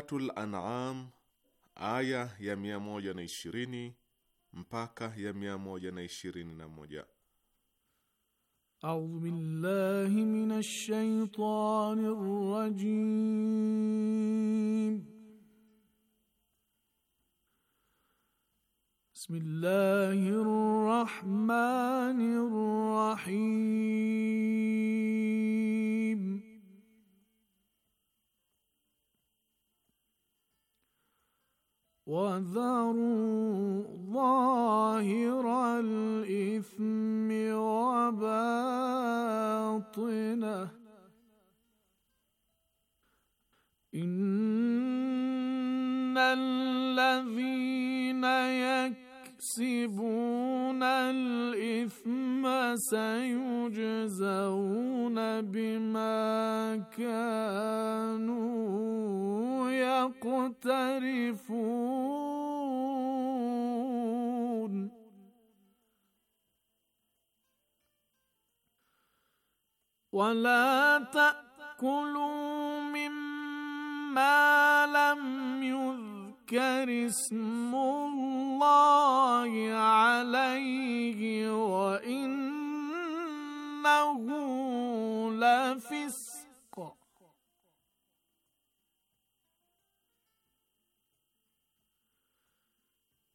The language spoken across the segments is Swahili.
Suratul An'am aya ya na ishirini mpaka ya 121. A'udhu billahi minash shaitanir rajim. Bismillahir rahmanir rahim. وذروا ظاهر الإثم وباطنه إن الذين يكسبون الإثم سيجزون بما كانوا يقترفون ولا تاكلوا مما لم يذكر اسم الله عليه وانه لفسق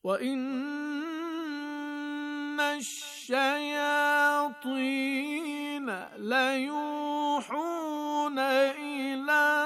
وإن الشياطين ليوحون إلى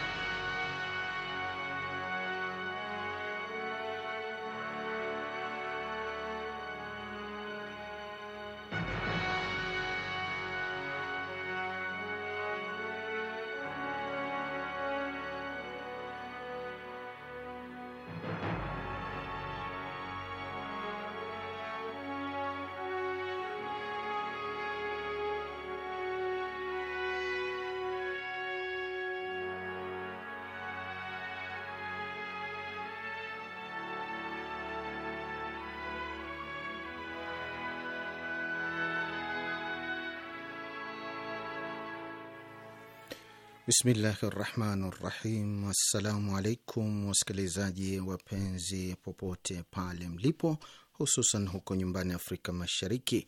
Bismillahi rahmani rahim. Assalamu alaikum wasikilizaji wapenzi popote pale mlipo, hususan huko nyumbani Afrika Mashariki.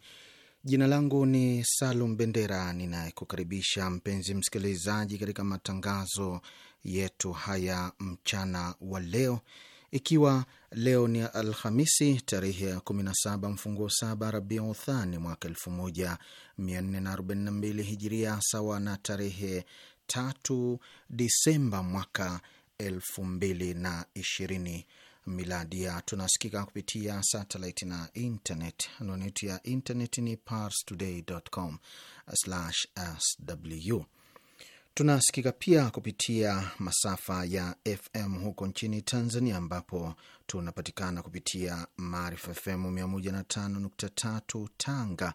Jina langu ni Salum Bendera ninayekukaribisha mpenzi msikilizaji katika matangazo yetu haya mchana wa leo, ikiwa leo ni Alhamisi tarehe ya 17 mfunguo saba Rabiu Thani mwaka 1442 Hijiria, sawa na tarehe tatu Disemba mwaka elfu mbili na ishirini miladia. Tunasikika kupitia satellite na internet. Anwani ya internet ni parstoday.com/sw Tunasikika pia kupitia masafa ya FM huko nchini Tanzania, ambapo tunapatikana kupitia Maarifa FM 105.3 Tanga,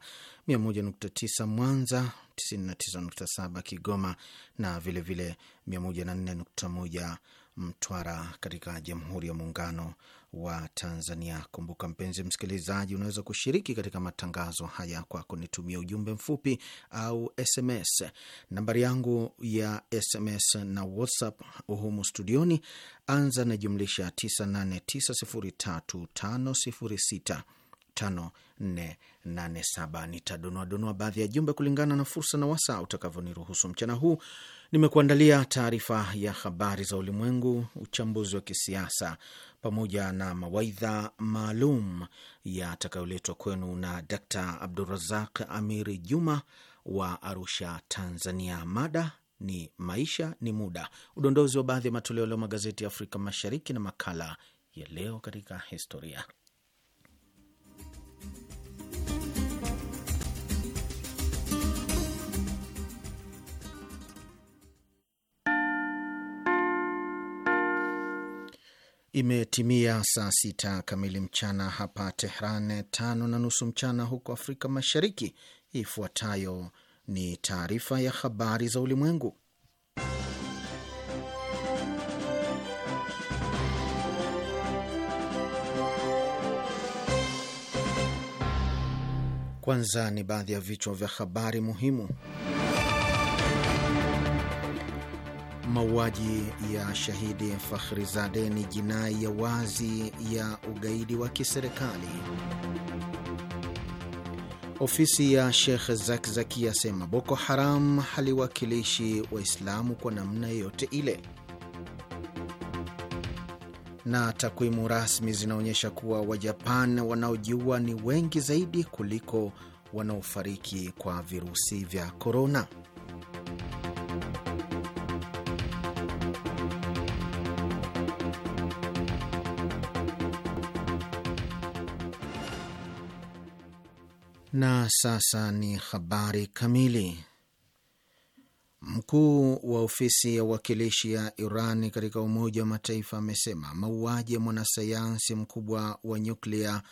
101.9 Mwanza, 99.7 Kigoma na vilevile 104.1 Mtwara katika Jamhuri ya Muungano wa Tanzania. Kumbuka mpenzi msikilizaji, unaweza kushiriki katika matangazo haya kwa kunitumia ujumbe mfupi au SMS. Nambari yangu ya SMS na WhatsApp humu studioni, anza na jumlisha 98903506 nitadunuadunua Nitadonoadonoa baadhi ya jumbe kulingana na fursa na wasaa utakavyoniruhusu. Mchana huu nimekuandalia taarifa ya habari za ulimwengu, uchambuzi wa kisiasa, pamoja na mawaidha maalum yatakayoletwa kwenu na Dr Abdurazak Amiri Juma wa Arusha, Tanzania. Mada ni maisha ni muda, udondozi wa baadhi ya matoleo leo magazeti ya Afrika Mashariki na makala ya leo katika historia. Imetimia saa sita kamili mchana hapa Tehran, tano na nusu mchana huko Afrika Mashariki. Ifuatayo ni taarifa ya habari za ulimwengu, kwanza ni baadhi ya vichwa vya habari muhimu. Mauaji ya shahidi Fakhrizadeh ni jinai ya wazi ya ugaidi wa kiserikali. Ofisi ya Shekh Zakzaki yasema Boko Haram haliwakilishi Waislamu kwa namna yoyote ile. Na takwimu rasmi zinaonyesha kuwa Wajapan wanaojiua ni wengi zaidi kuliko wanaofariki kwa virusi vya korona. Na sasa ni habari kamili. Mkuu wa ofisi ya uwakilishi ya Iran katika Umoja wa Mataifa amesema mauaji ya mwanasayansi mkubwa wa nyuklia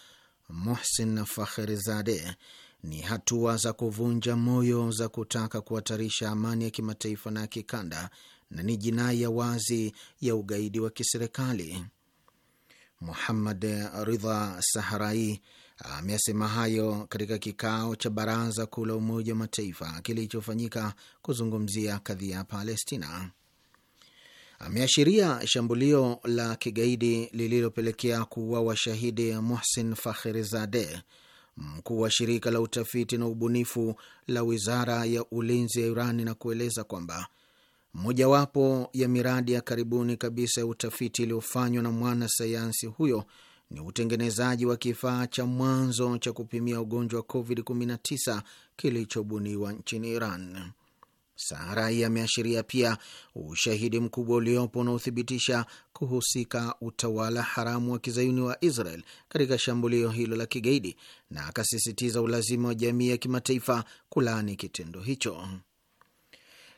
Mohsen Fakhrizadeh ni hatua za kuvunja moyo za kutaka kuhatarisha amani ya kimataifa na ya kikanda na ni jinai ya wazi ya ugaidi wa kiserikali. Muhammad Ridha Saharai amesema hayo katika kikao cha baraza kuu la Umoja wa Mataifa kilichofanyika kuzungumzia kadhia ya Palestina. Ameashiria shambulio la kigaidi lililopelekea kuuawa washahidi Muhsin Fakhrizadeh, mkuu wa shirika la utafiti na ubunifu la wizara ya ulinzi ya Irani, na kueleza kwamba mojawapo ya miradi ya karibuni kabisa ya utafiti iliyofanywa na mwanasayansi huyo ni utengenezaji wa kifaa cha mwanzo cha kupimia ugonjwa wa COVID-19 kilichobuniwa nchini Iran. Sarai ameashiria pia ushahidi mkubwa uliopo unaothibitisha kuhusika utawala haramu wa kizayuni wa Israel katika shambulio hilo la kigaidi, na akasisitiza ulazima wa jamii ya kimataifa kulaani kitendo hicho.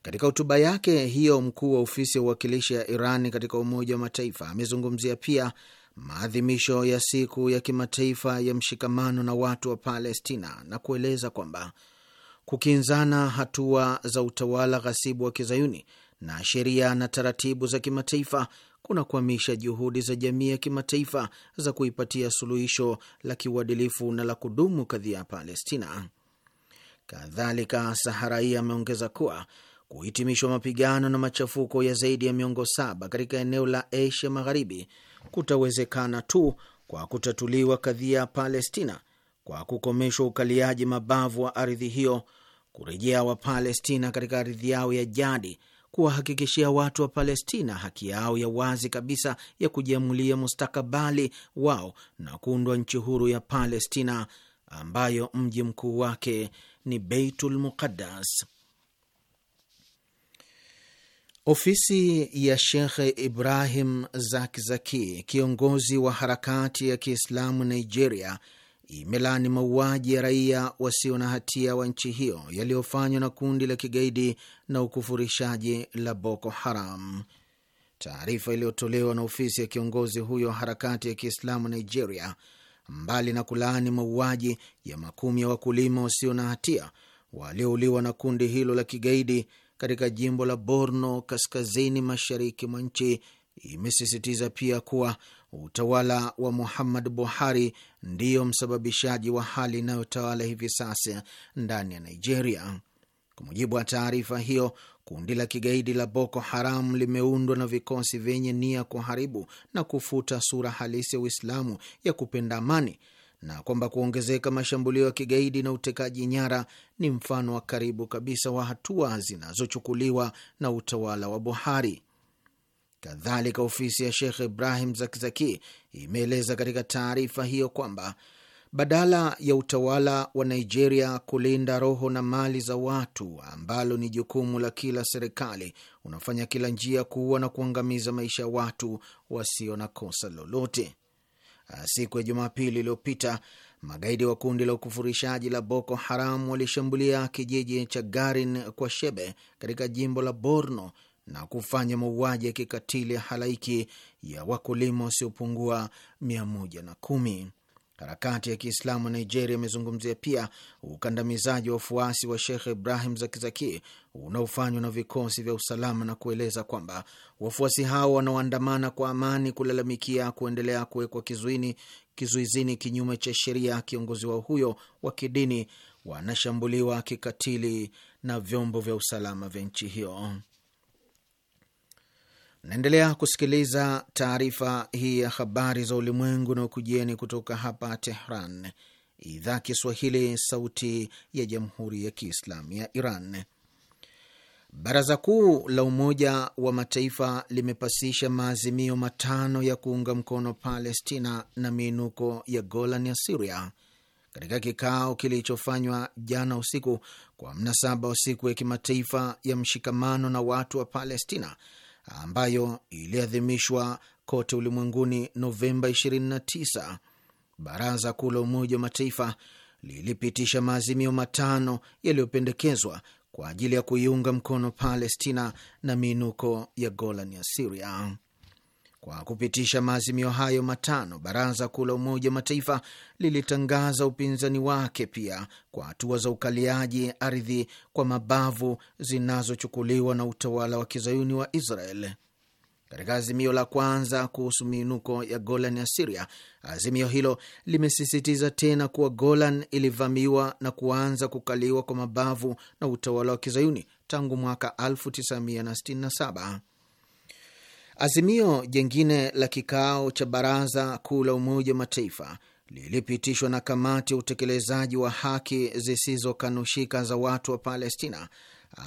Katika hotuba yake hiyo, mkuu wa ofisi ya uwakilishi ya Iran katika Umoja wa Mataifa amezungumzia pia maadhimisho ya siku ya kimataifa ya mshikamano na watu wa Palestina na kueleza kwamba kukinzana hatua za utawala ghasibu wa kizayuni na sheria na taratibu za kimataifa kunakwamisha juhudi za jamii ya kimataifa za kuipatia suluhisho la kiuadilifu na la kudumu kadhia ya Palestina. Kadhalika, Saharai ameongeza kuwa kuhitimishwa mapigano na machafuko ya zaidi ya miongo saba katika eneo la Asia Magharibi kutawezekana tu kwa kutatuliwa kadhia ya Palestina kwa kukomeshwa ukaliaji mabavu wa ardhi hiyo, kurejea Wapalestina katika ardhi yao ya jadi, kuwahakikishia watu wa Palestina haki yao ya wazi kabisa ya kujiamulia mustakabali wao na kuundwa nchi huru ya Palestina ambayo mji mkuu wake ni Beitul Muqaddas. Ofisi ya shekhe Ibrahim Zakzaki, kiongozi wa harakati ya Kiislamu Nigeria, imelani mauaji ya raia wasio na hatia wa nchi hiyo yaliyofanywa na kundi la kigaidi na ukufurishaji la Boko Haram. Taarifa iliyotolewa na ofisi ya kiongozi huyo wa harakati ya Kiislamu Nigeria, mbali na kulaani mauaji ya makumi ya wakulima wasio na hatia waliouliwa na kundi hilo la kigaidi katika jimbo la Borno kaskazini mashariki mwa nchi imesisitiza pia kuwa utawala wa Muhammad Buhari ndiyo msababishaji wa hali inayotawala hivi sasa ndani ya Nigeria. Kwa mujibu wa taarifa hiyo, kundi la kigaidi la Boko Haram limeundwa na vikosi vyenye nia kuharibu na kufuta sura halisi ya Uislamu ya kupenda amani na kwamba kuongezeka mashambulio ya kigaidi na utekaji nyara ni mfano wa karibu kabisa wa hatua zinazochukuliwa na utawala wa Buhari. Kadhalika, ofisi ya Sheikh Ibrahim Zakzaki imeeleza katika taarifa hiyo kwamba badala ya utawala wa Nigeria kulinda roho na mali za watu, ambalo ni jukumu la kila serikali, unafanya kila njia kuua na kuangamiza maisha ya watu wasio na kosa lolote. Ah, siku ya Jumapili iliyopita magaidi wa kundi la ukufurishaji la Boko Haram walishambulia kijiji cha Garin kwa Shebe katika jimbo la Borno na kufanya mauaji ya kikatili ya halaiki ya wakulima wasiopungua mia moja na kumi. Harakati ya Kiislamu Nigeria imezungumzia pia ukandamizaji wa wafuasi wa Shekh Ibrahim Zakizaki unaofanywa na vikosi vya usalama na kueleza kwamba wafuasi hao wanaoandamana kwa amani kulalamikia kuendelea kuwekwa kizuini kizuizini kinyume cha sheria kiongozi wao huyo wa kidini wanashambuliwa kikatili na vyombo vya usalama vya nchi hiyo. Naendelea kusikiliza taarifa hii ya habari za ulimwengu na ukujieni kutoka hapa Tehran, idhaa Kiswahili, sauti ya jamhuri ya kiislamu ya Iran. Baraza Kuu la Umoja wa Mataifa limepasisha maazimio matano ya kuunga mkono Palestina na miinuko ya Golan ya Siria katika kikao kilichofanywa jana usiku kwa mnasaba wa siku ya kimataifa ya mshikamano na watu wa Palestina ambayo iliadhimishwa kote ulimwenguni Novemba 29, Baraza Kuu la Umoja wa Mataifa lilipitisha maazimio matano yaliyopendekezwa kwa ajili ya kuiunga mkono Palestina na miinuko ya Golan ya Siria. Kwa kupitisha maazimio hayo matano, baraza kuu la Umoja wa Mataifa lilitangaza upinzani wake pia kwa hatua za ukaliaji ardhi kwa mabavu zinazochukuliwa na utawala wa kizayuni wa Israel. Katika azimio la kwanza kuhusu miinuko ya Golan ya Siria, azimio hilo limesisitiza tena kuwa Golan ilivamiwa na kuanza kukaliwa kwa mabavu na utawala wa kizayuni tangu mwaka 1967. Azimio jengine la kikao cha baraza kuu la Umoja wa Mataifa lilipitishwa na kamati ya utekelezaji wa haki zisizokanushika za watu wa Palestina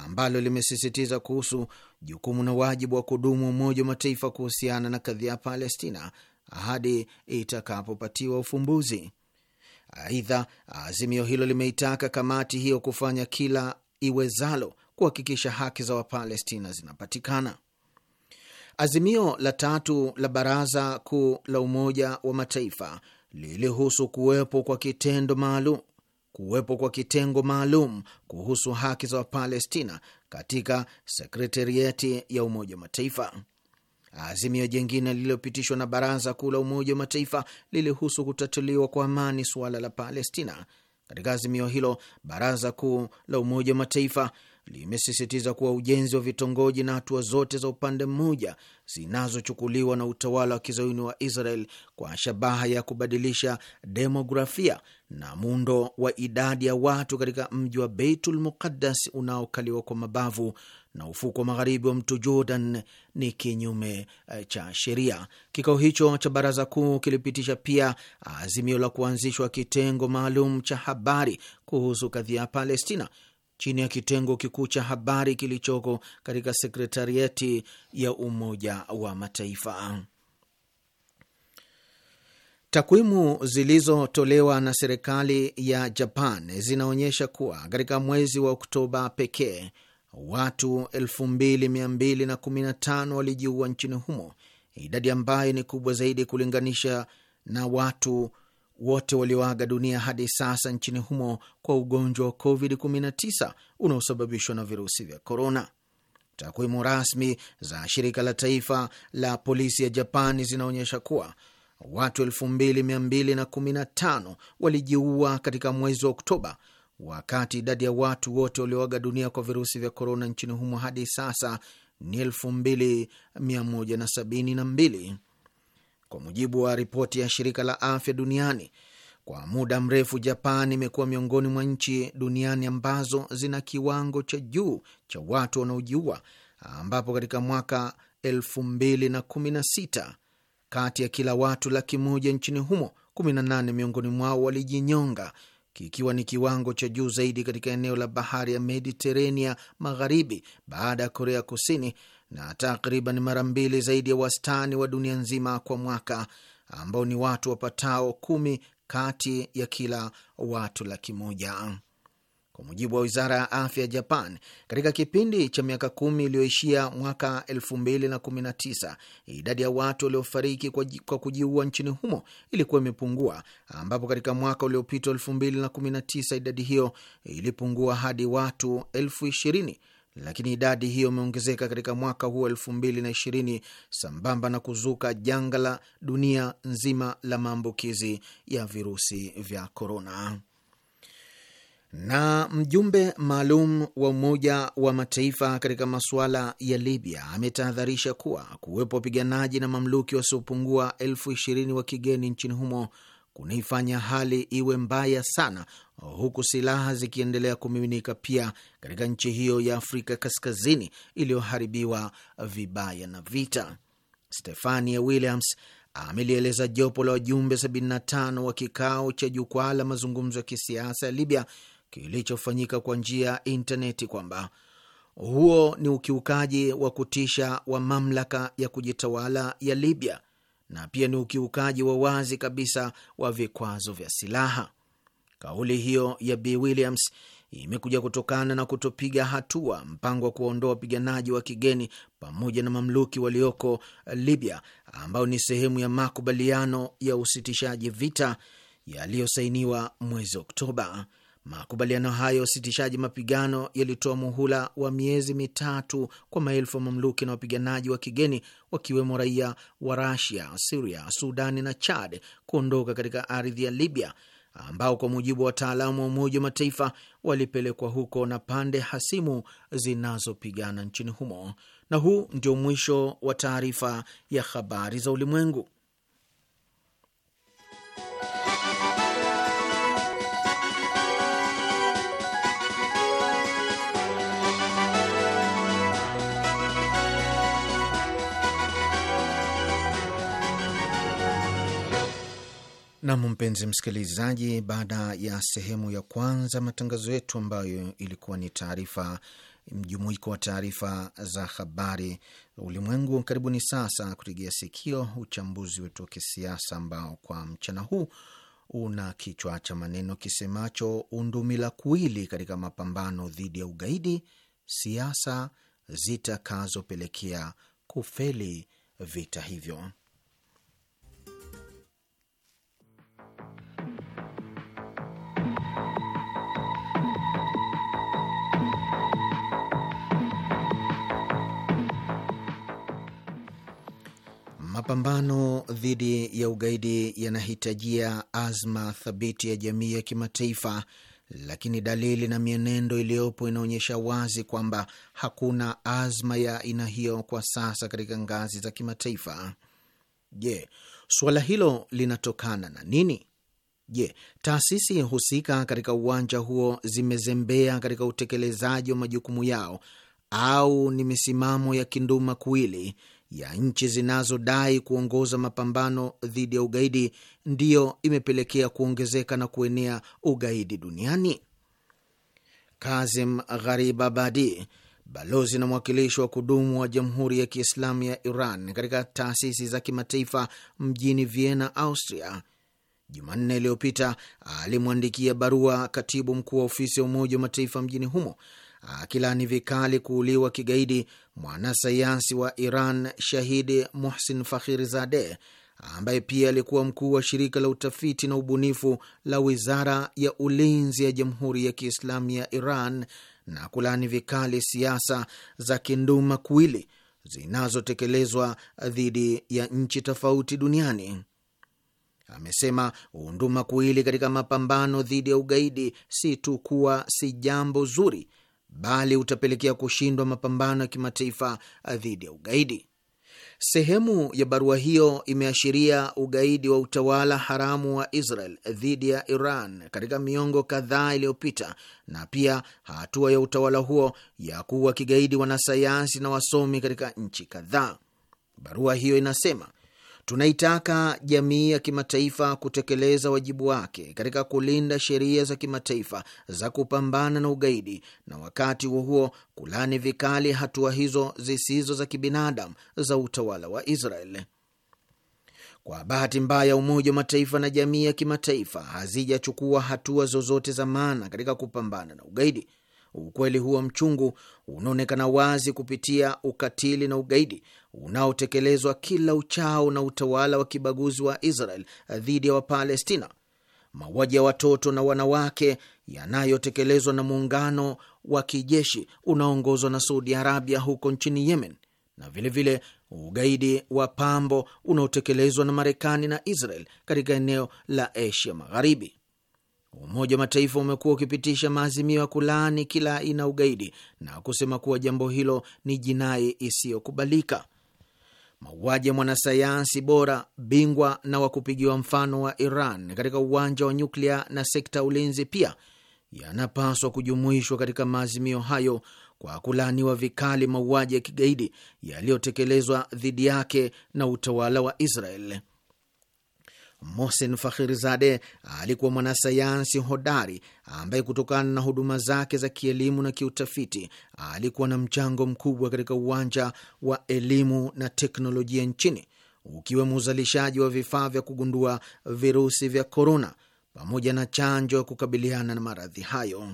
ambalo limesisitiza kuhusu jukumu na wajibu wa kudumu Umoja wa Mataifa kuhusiana na kadhia ya Palestina hadi itakapopatiwa ufumbuzi. Aidha, azimio hilo limeitaka kamati hiyo kufanya kila iwezalo kuhakikisha haki za Wapalestina zinapatikana. Azimio la tatu la Baraza Kuu la Umoja wa Mataifa lilihusu kuwepo kwa kitendo maalum kuwepo kwa kitengo maalum kuhusu haki za Wapalestina katika sekretarieti ya Umoja wa Mataifa. Azimio jingine lililopitishwa na Baraza Kuu la Umoja wa Mataifa lilihusu kutatuliwa kwa amani suala la Palestina. Katika azimio hilo, Baraza Kuu la Umoja wa Mataifa limesisitiza kuwa ujenzi wa vitongoji na hatua zote za upande mmoja zinazochukuliwa na utawala wa kizayuni wa Israel kwa shabaha ya kubadilisha demografia na muundo wa idadi ya watu katika mji wa Beitul Muqaddas unaokaliwa kwa mabavu na ufuko wa magharibi wa mto Jordan ni kinyume eh, cha sheria. Kikao hicho cha baraza kuu kilipitisha pia azimio la kuanzishwa kitengo maalum cha habari kuhusu kadhia ya Palestina chini ya kitengo kikuu cha habari kilichoko katika sekretarieti ya Umoja wa Mataifa. Takwimu zilizotolewa na serikali ya Japan zinaonyesha kuwa katika mwezi wa Oktoba pekee watu 2215 walijiua nchini humo, idadi ambayo ni kubwa zaidi kulinganisha na watu wote walioaga dunia hadi sasa nchini humo kwa ugonjwa wa COVID-19 unaosababishwa na virusi vya korona. Takwimu rasmi za shirika la taifa la polisi ya Japani zinaonyesha kuwa watu 2215 walijiua katika mwezi wa Oktoba, wakati idadi ya watu wote walioaga dunia kwa virusi vya korona nchini humo hadi sasa ni 2172. Kwa mujibu wa ripoti ya shirika la afya duniani, kwa muda mrefu Japan imekuwa miongoni mwa nchi duniani ambazo zina kiwango cha juu cha watu wanaojiua, ambapo katika mwaka 216 kati ya kila watu laki moja nchini humo 18 miongoni mwao walijinyonga, kikiwa ni kiwango cha juu zaidi katika eneo la bahari ya Mediterania magharibi baada ya Korea Kusini na takriban mara mbili zaidi ya wastani wa dunia nzima kwa mwaka ambao ni watu wapatao kumi kati ya kila watu laki moja kwa mujibu wa wizara ya afya ya Japan, katika kipindi cha miaka kumi iliyoishia mwaka 2019 idadi ya watu waliofariki kwa, kwa kujiua nchini humo ilikuwa imepungua, ambapo katika mwaka uliopita 2019 idadi hiyo ilipungua hadi watu elfu ishirini lakini idadi hiyo imeongezeka katika mwaka huo elfu mbili na ishirini sambamba na kuzuka janga la dunia nzima la maambukizi ya virusi vya korona. Na mjumbe maalum wa Umoja wa Mataifa katika masuala ya Libya ametahadharisha kuwa kuwepo wapiganaji na mamluki wasiopungua elfu ishirini wa kigeni nchini humo kunaifanya hali iwe mbaya sana, huku silaha zikiendelea kumiminika pia katika nchi hiyo ya Afrika Kaskazini iliyoharibiwa vibaya na vita. Stefania Williams amelieleza jopo la wajumbe 75 wa kikao cha jukwaa la mazungumzo ya kisiasa ya Libya kilichofanyika kwa njia ya intaneti kwamba huo ni ukiukaji wa kutisha wa mamlaka ya kujitawala ya Libya na pia ni ukiukaji wa wazi kabisa wa vikwazo vya silaha. Kauli hiyo ya B Williams imekuja kutokana na kutopiga hatua mpango wa kuwaondoa wapiganaji wa kigeni pamoja na mamluki walioko Libya, ambayo ni sehemu ya makubaliano ya usitishaji vita yaliyosainiwa mwezi Oktoba. Makubaliano hayo ya usitishaji mapigano yalitoa muhula wa miezi mitatu kwa maelfu ya mamluki na wapiganaji wa kigeni wakiwemo raia wa Rasia, Siria, Sudani na Chad kuondoka katika ardhi ya Libya ambao kwa mujibu wa wataalamu wa Umoja wa Mataifa walipelekwa huko na pande hasimu zinazopigana nchini humo. Na huu ndio mwisho wa taarifa ya habari za ulimwengu. Nam, mpenzi msikilizaji, baada ya sehemu ya kwanza matangazo yetu ambayo ilikuwa ni taarifa mjumuiko wa taarifa za habari ulimwengu, karibuni sasa kutegea sikio uchambuzi wetu wa kisiasa ambao kwa mchana huu una kichwa cha maneno kisemacho undumila kuwili katika mapambano dhidi ya ugaidi, siasa zitakazopelekea kufeli vita hivyo. Mapambano dhidi ya ugaidi yanahitajia azma thabiti ya jamii ya kimataifa, lakini dalili na mienendo iliyopo inaonyesha wazi kwamba hakuna azma ya aina hiyo kwa sasa katika ngazi za kimataifa. Je, suala hilo linatokana na nini? Je, taasisi husika katika uwanja huo zimezembea katika utekelezaji wa majukumu yao au ni misimamo ya kinduma kuwili ya nchi zinazodai kuongoza mapambano dhidi ya ugaidi ndiyo imepelekea kuongezeka na kuenea ugaidi duniani? Kazim gharib abadi balozi na mwakilishi wa kudumu wa Jamhuri ya Kiislamu ya Iran katika taasisi za kimataifa mjini Vienna, Austria, Jumanne iliyopita alimwandikia barua katibu mkuu wa ofisi ya Umoja wa Mataifa mjini humo akilaani vikali kuuliwa kigaidi mwanasayansi wa Iran Shahidi Muhsin Fakhrizadeh ambaye pia alikuwa mkuu wa shirika la utafiti na ubunifu la wizara ya ulinzi ya Jamhuri ya Kiislamu ya Iran na kulaani vikali siasa za kinduma kuwili zinazotekelezwa dhidi ya nchi tofauti duniani. Amesema unduma kuwili katika mapambano dhidi ya ugaidi si tu kuwa si jambo zuri bali utapelekea kushindwa mapambano ya kimataifa dhidi ya ugaidi. Sehemu ya barua hiyo imeashiria ugaidi wa utawala haramu wa Israel dhidi ya Iran katika miongo kadhaa iliyopita na pia hatua ya utawala huo ya kuwa kigaidi wanasayansi na wasomi katika nchi kadhaa. Barua hiyo inasema Tunaitaka jamii ya kimataifa kutekeleza wajibu wake katika kulinda sheria za kimataifa za kupambana na ugaidi na wakati huo huo kulani vikali hatua hizo zisizo za kibinadamu za utawala wa Israel. Kwa bahati mbaya, Umoja wa Mataifa na jamii ya kimataifa hazijachukua hatua zozote za maana katika kupambana na ugaidi. Ukweli huo mchungu unaonekana wazi kupitia ukatili na ugaidi unaotekelezwa kila uchao na utawala wa kibaguzi wa Israel dhidi ya Wapalestina, mauaji ya watoto na wanawake yanayotekelezwa na muungano wa kijeshi unaoongozwa na Saudi Arabia huko nchini Yemen, na vilevile vile ugaidi wa pambo unaotekelezwa na Marekani na Israel katika eneo la Asia Magharibi. Umoja wa Mataifa umekuwa ukipitisha maazimio ya kulaani kila aina ugaidi na kusema kuwa jambo hilo ni jinai isiyokubalika mauaji ya mwanasayansi bora bingwa na wa kupigiwa mfano wa Iran katika uwanja wa nyuklia na sekta ya ulinzi pia yanapaswa kujumuishwa katika maazimio hayo kwa kulaaniwa vikali mauaji ya kigaidi yaliyotekelezwa dhidi yake na utawala wa Israel. Mohsen Fakhrizadeh alikuwa mwanasayansi hodari ambaye kutokana na huduma zake za kielimu na kiutafiti alikuwa na mchango mkubwa katika uwanja wa elimu na teknolojia nchini, ukiwemo uzalishaji wa vifaa vya kugundua virusi vya korona pamoja na chanjo ya kukabiliana na maradhi hayo.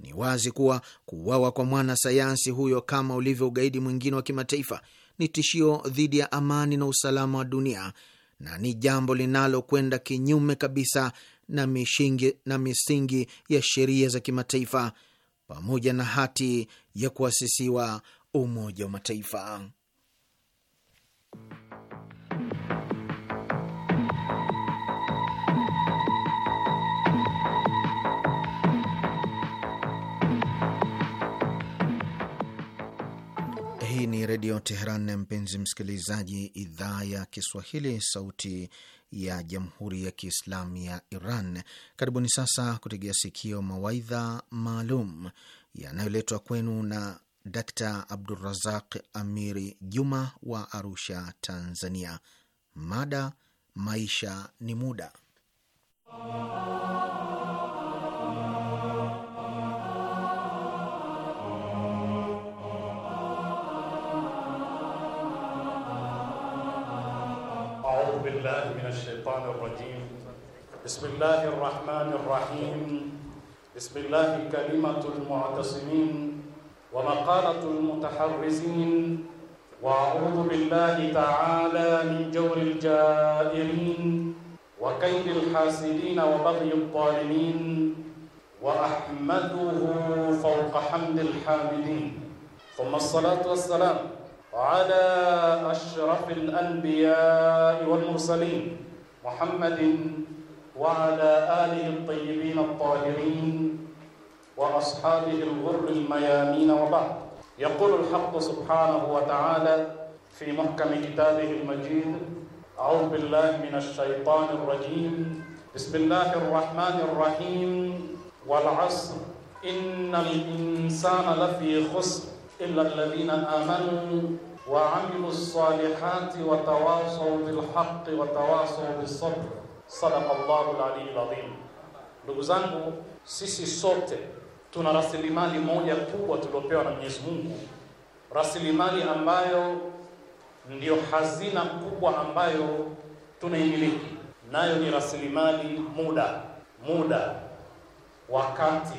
Ni wazi kuwa kuuawa kwa mwanasayansi huyo, kama ulivyo ugaidi mwingine wa kimataifa, ni tishio dhidi ya amani na usalama wa dunia na ni jambo linalokwenda kinyume kabisa na mishingi, na misingi ya sheria za kimataifa pamoja na hati ya kuasisiwa Umoja wa Mataifa. Hii ni Redio Teheran, mpenzi msikilizaji, idhaa ya Kiswahili, sauti ya Jamhuri ya Kiislamu ya Iran. Karibuni sasa kutegea sikio mawaidha maalum yanayoletwa kwenu na Dakta Abdurazaq Amiri Juma wa Arusha, Tanzania. Mada maisha ni muda بالله من الشيطان الرجيم بسم الله الرحمن الرحيم بسم الله كلمة المعتصمين ومقالة المتحرزين وأعوذ بالله تعالى من جور الجائرين وكيد الحاسدين وبغي الظالمين وأحمده فوق حمد الحامدين ثم الصلاة والسلام وعلى أشرف الأنبياء والمرسلين محمد وعلى آله الطيبين الطاهرين وأصحابه الغر الميامين وبعد يقول الحق سبحانه وتعالى في محكم كتابه المجيد أعوذ بالله من الشيطان الرجيم بسم الله الرحمن الرحيم والعصر إن الإنسان لفي خسر illa alladhina amanu wa amilu salihati wa tawasaw bil haqqi wa tawasaw bis sabr. Sadaqa Allahu adhim. Ndugu zangu, sisi sote tuna rasilimali moja kubwa tuliopewa na Mwenyezi Mungu, rasilimali ambayo ndiyo hazina kubwa ambayo tunaimiliki, nayo ni rasilimali muda, muda, wakati,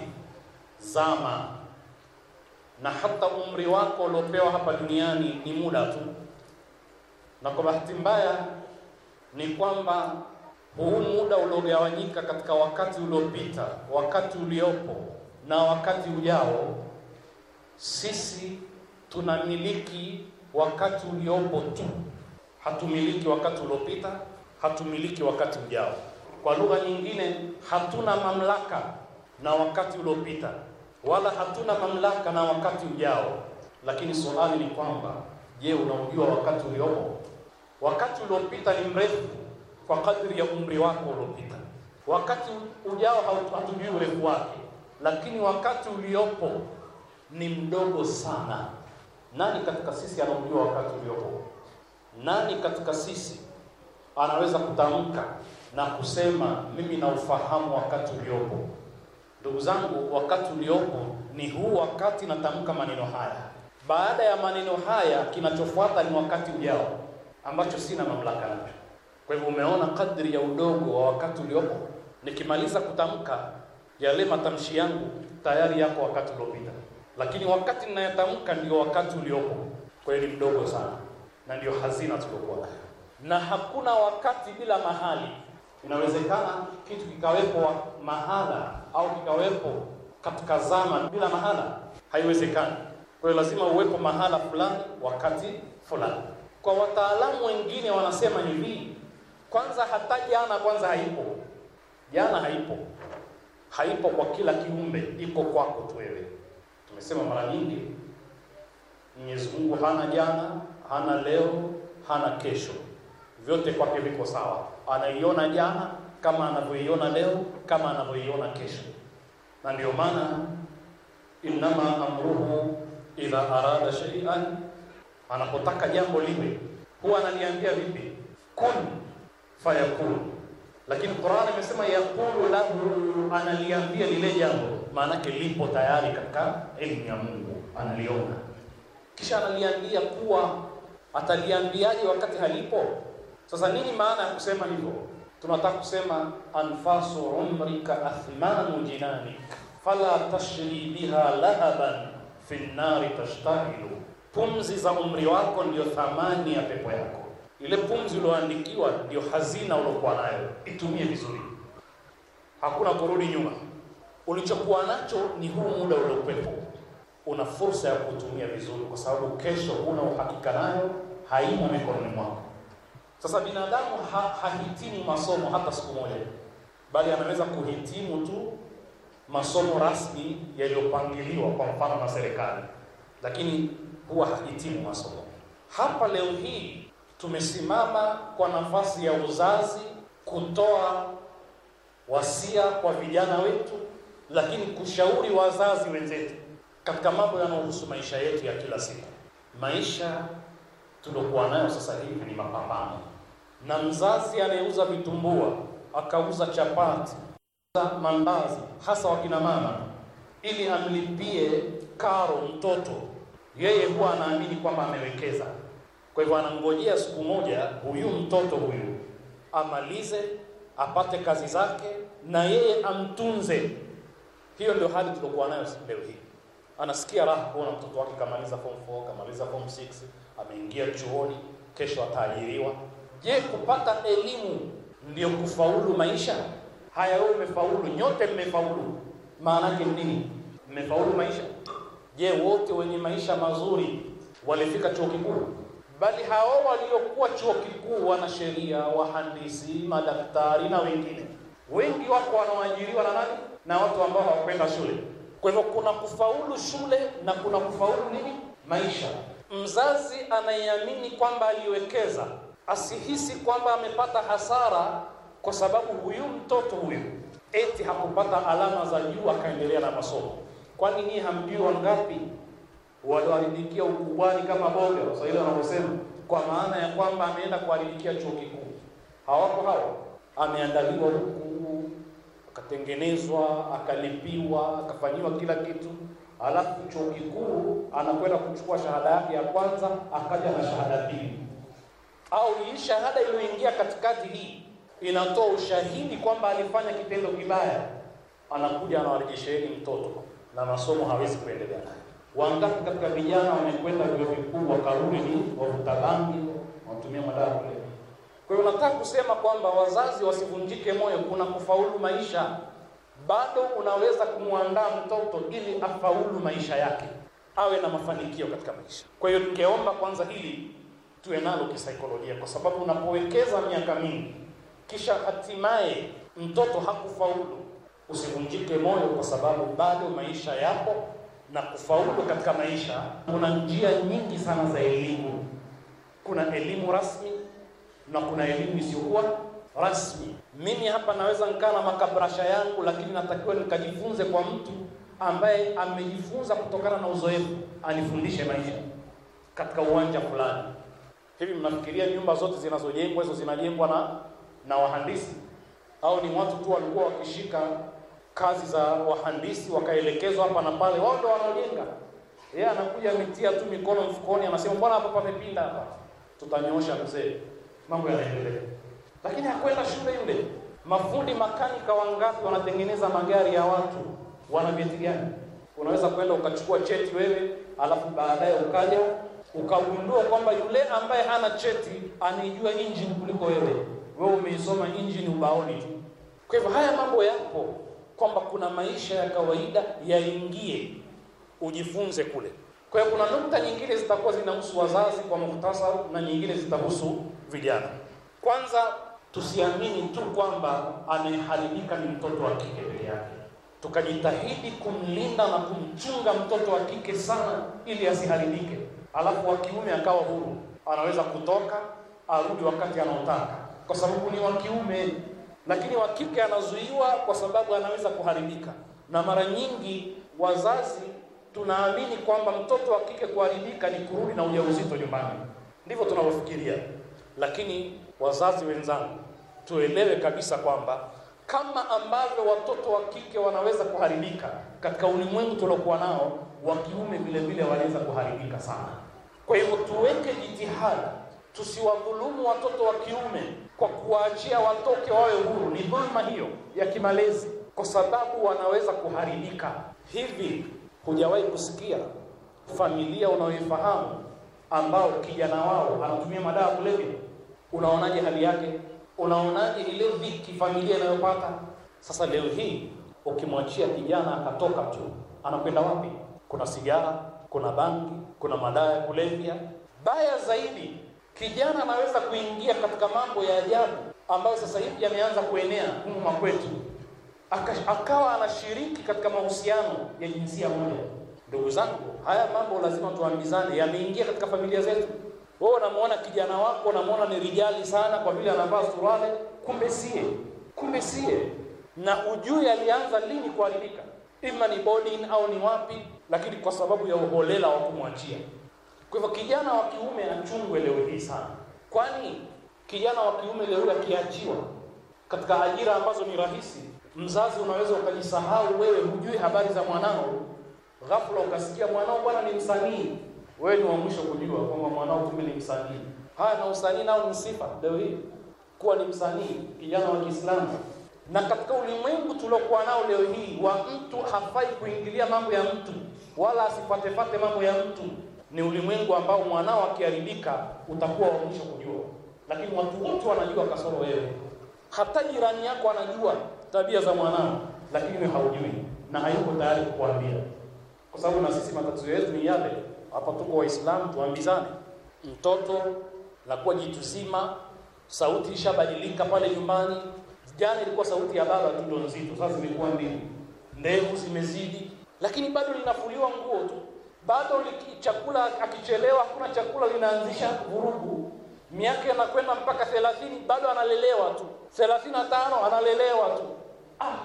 zama na hata umri wako uliopewa hapa duniani ni muda tu, na kwa bahati mbaya ni kwamba huu muda uliogawanyika katika wakati uliopita, wakati uliopo na wakati ujao, sisi tunamiliki wakati uliopo tu, hatumiliki wakati uliopita, hatumiliki wakati ujao. Kwa lugha nyingine, hatuna mamlaka na wakati uliopita wala hatuna mamlaka na wakati ujao. Lakini swali ni kwamba, je, unaujua wakati uliopo? Wakati uliopita ni mrefu kwa kadri ya umri wako uliopita. Wakati ujao hatujui urefu wake, lakini wakati uliopo ni mdogo sana. Nani katika sisi anaujua wakati uliopo? Nani katika sisi anaweza kutamka na kusema mimi na ufahamu wakati uliopo? Ndugu zangu, wakati uliopo ni huu wakati natamka maneno haya. Baada ya maneno haya, kinachofuata ni wakati ujao, ambacho sina mamlaka nacho. Kwa hivyo, umeona kadri ya udogo wa wakati uliopo. Nikimaliza kutamka yale matamshi yangu, tayari yako wakati uliopita, lakini wakati ninayotamka ndio wakati uliopo. Kwa hiyo ni mdogo sana, na ndio hazina tuliokuwa nayo, na hakuna wakati bila mahali. Inawezekana kitu kikawepo mahala au kikawepo katika zama bila mahala, haiwezekani. Kwa hiyo lazima uwepo mahala fulani wakati fulani. Kwa wataalamu wengine wanasema hivi, kwanza hata jana kwanza haipo, jana haipo, haipo kwa kila kiumbe, iko kwako tu wewe. Tumesema mara nyingi, Mwenyezi Mungu hana jana, hana leo, hana kesho, vyote kwake viko sawa. Anaiona jana kama anavyoiona leo, kama anavyoiona kesho. Na ndio maana innama amruhu idha arada shay'an, anapotaka jambo liwe huwa ananiambia vipi, kun fayakun. Lakini Qur'an imesema yaqulu lahu, analiambia lile jambo, maanake lipo tayari katika elimu ya Mungu, analiona kisha analiambia kuwa. Ataliambiaje wakati halipo? Sasa nini maana ya kusema hivyo? tunataka kusema anfasu umrika athmanu jinanik fala tashri biha lahaban fi nnari tashtahilu, pumzi za umri wako ndiyo thamani ya pepo yako. Ile pumzi ulioandikiwa ndiyo hazina uliokuwa nayo, itumie vizuri, hakuna kurudi nyuma. Ulichokuwa nacho ni huu muda uliokuwepo, una fursa ya kutumia vizuri, kwa sababu kesho huna uhakika nayo, haimo mikononi mwako. Sasa binadamu ha, hahitimu masomo hata siku moja, bali anaweza kuhitimu tu masomo rasmi yaliyopangiliwa kwa mfano na serikali, lakini huwa hahitimu masomo. Hapa leo hii tumesimama kwa nafasi ya uzazi kutoa wasia kwa vijana wetu, lakini kushauri wazazi wenzetu katika mambo yanayohusu maisha yetu ya kila siku. Maisha tuliokuwa nayo sasa hivi ni mapambano na mzazi anayeuza vitumbua akauza chapati mandazi, hasa wakina mama, ili amlipie karo mtoto, yeye huwa anaamini kwamba amewekeza. Kwa hivyo anangojea siku moja huyu mtoto huyu amalize, apate kazi zake na yeye amtunze. Hiyo ndio hali tuliokuwa nayo leo hii. Anasikia raha kuona mtoto wake kamaliza form 4, kamaliza form 6, ameingia chuoni, kesho ataajiriwa Je, kupata elimu ndiyo kufaulu maisha haya? Wewe umefaulu, nyote mmefaulu. Maana yake nini? Mmefaulu maisha. Je, wote wenye maisha mazuri walifika chuo kikuu? Bali hao waliokuwa chuo kikuu, wana sheria wahandisi, madaktari na wengine wengi, wako wanaoajiriwa na nani? Na watu ambao hawakwenda shule. Kwa hivyo kuna kufaulu shule na kuna kufaulu nini, maisha. Mzazi anayeamini kwamba aliwekeza asihisi kwamba amepata hasara kwa sababu huyu mtoto huyu eti hakupata alama za juu akaendelea na masomo. Kwani nyinyi hamjui wangapi walioharibikia ukubwani kama boga Waswahili wanavyosema, kwa maana ya kwamba ameenda kuharibikia chuo kikuu. Hawako hao, ameandaliwa huku, akatengenezwa, akalipiwa, akafanyiwa kila kitu, alafu chuo kikuu anakwenda kuchukua shahada yake ya kwanza, akaja na shahada pili au hii shahada iliyoingia katikati hii inatoa ushahidi kwamba alifanya kitendo kibaya, anakuja anawarejesheni mtoto na masomo hawezi kuendelea naye. Wangapi katika vijana wamekwenda vyuo vikuu wakarudi ni wavuta bangi, wanatumia madawa kulevya. Kwa hiyo nataka kusema kwamba wazazi wasivunjike moyo, kuna kufaulu maisha, bado unaweza kumwandaa mtoto ili afaulu maisha yake, awe na mafanikio katika maisha. Kwa hiyo tungeomba kwanza hili tuwe nalo kisaikolojia, kwa sababu unapowekeza miaka mingi kisha hatimaye mtoto hakufaulu, usivunjike moyo, kwa sababu bado maisha yapo na kufaulu katika maisha kuna njia nyingi sana za elimu. Kuna elimu rasmi na kuna elimu isiyokuwa rasmi. Mimi hapa naweza nikaa na makabrasha yangu, lakini natakiwa nikajifunze kwa mtu ambaye amejifunza kutokana na uzoefu, anifundishe maisha katika uwanja fulani. Hivi mnafikiria nyumba zote zinazojengwa hizo zinajengwa na na wahandisi au ni watu tu walikuwa wakishika kazi za wahandisi wakaelekezwa hapa na pale, wao ndio wanaojenga Yeye anakuja ametia tu mikono mfukoni, anasema bwana, hapa pamepinda, hapa tutanyosha mzee, mambo yanaendelea. Lakini hakwenda shule yule. Mafundi makanika wangapi wanatengeneza magari ya watu? Wana vyeti gani? Unaweza kwenda ukachukua cheti wewe, alafu baadaye ukaja ukagundua kwamba yule ambaye hana cheti anaijua injini kuliko wewe, wewe umeisoma injini ubaoni tu. Kwa hivyo haya mambo yapo kwamba kuna maisha ya kawaida yaingie, ujifunze kule. Kwa hiyo kuna nukta nyingine zitakuwa zinahusu wazazi kwa muhtasari, na nyingine zitahusu vijana. Kwanza, tusiamini tu kwamba anayeharibika ni mtoto wa kike peke yake, tukajitahidi kumlinda na kumchunga mtoto wa kike sana, ili asiharibike alafu wa kiume akawa huru, anaweza kutoka arudi wakati anaotaka, kwa sababu ni wa kiume. Lakini wa kike anazuiwa kwa sababu anaweza kuharibika, na mara nyingi wazazi tunaamini kwamba mtoto wa kike kuharibika ni kurudi na ujauzito nyumbani, ndivyo tunavyofikiria. Lakini wazazi wenzangu, tuelewe kabisa kwamba kama ambavyo watoto wa kike wanaweza kuharibika katika ulimwengu tuliokuwa nao wa kiume vile vile wanaweza kuharibika sana. Kwa hivyo tuweke jitihada, tusiwadhulumu watoto wa kiume kwa kuwaachia watoke wawe huru. Ni dhulma hiyo ya kimalezi, kwa sababu wanaweza kuharibika. Hivi hujawahi kusikia familia unayoifahamu ambao kijana wao anatumia madawa kulevya? Unaonaje hali yake? Unaonaje ile dhiki familia inayopata? Sasa leo hii Ukimwachia kijana akatoka tu, anakwenda wapi? Kuna sigara, kuna bangi, kuna madawa ya kulevya. Baya zaidi, kijana anaweza kuingia katika mambo ya ajabu ambayo sasa hivi yameanza kuenea humu makwetu, akawa anashiriki katika mahusiano ya jinsia moja. Ndugu zangu, haya mambo lazima tuambizane, yameingia katika familia zetu. Wewe unamwona kijana wako, unamwona ni rijali sana kwa vile anavaa surale kumbe sie, kumbe sie na ujui alianza lini kuharibika, ima ni boarding au ni wapi, lakini kwa sababu ya uholela wa kumwachia. Kwa hivyo kijana wa kiume achungwe leo hii sana, kwani kijana wa kiume leo hii akiachiwa katika ajira ambazo ni rahisi, mzazi unaweza ukajisahau wewe, hujui habari za mwanao, ghafla ukasikia mwanao bwana ni msanii, wewe ni wa mwisho kujua kwamba mwanao kumbe ni msanii. Haya, na usanii nao ni sifa leo hii, kuwa ni msanii kijana wa Kiislamu na katika ulimwengu tuliokuwa nao leo hii wa mtu hafai kuingilia mambo ya mtu wala asipatepate mambo ya mtu, ni ulimwengu ambao mwanao akiharibika utakuwa wa mwisho kujua, lakini watu wote wanajua kasoro wewe. Hata jirani yako anajua tabia za mwanao, lakini haujui na hayuko tayari kukuambia, kwa sababu na sisi matatizo yetu ni yale. Hapa tuko Waislamu, tuambizane. Mtoto nakuwa jitu zima, sauti ishabadilika pale nyumbani Jana ilikuwa sauti ya baba tundo nzito, sasa zimekuwa mbili, ndevu zimezidi, lakini bado linafuliwa nguo tu, bado chakula akichelewa, hakuna chakula, linaanzisha vurugu. Miaka inakwenda mpaka thelathini, bado analelewa tu, thelathini na tano analelewa tu. Ah,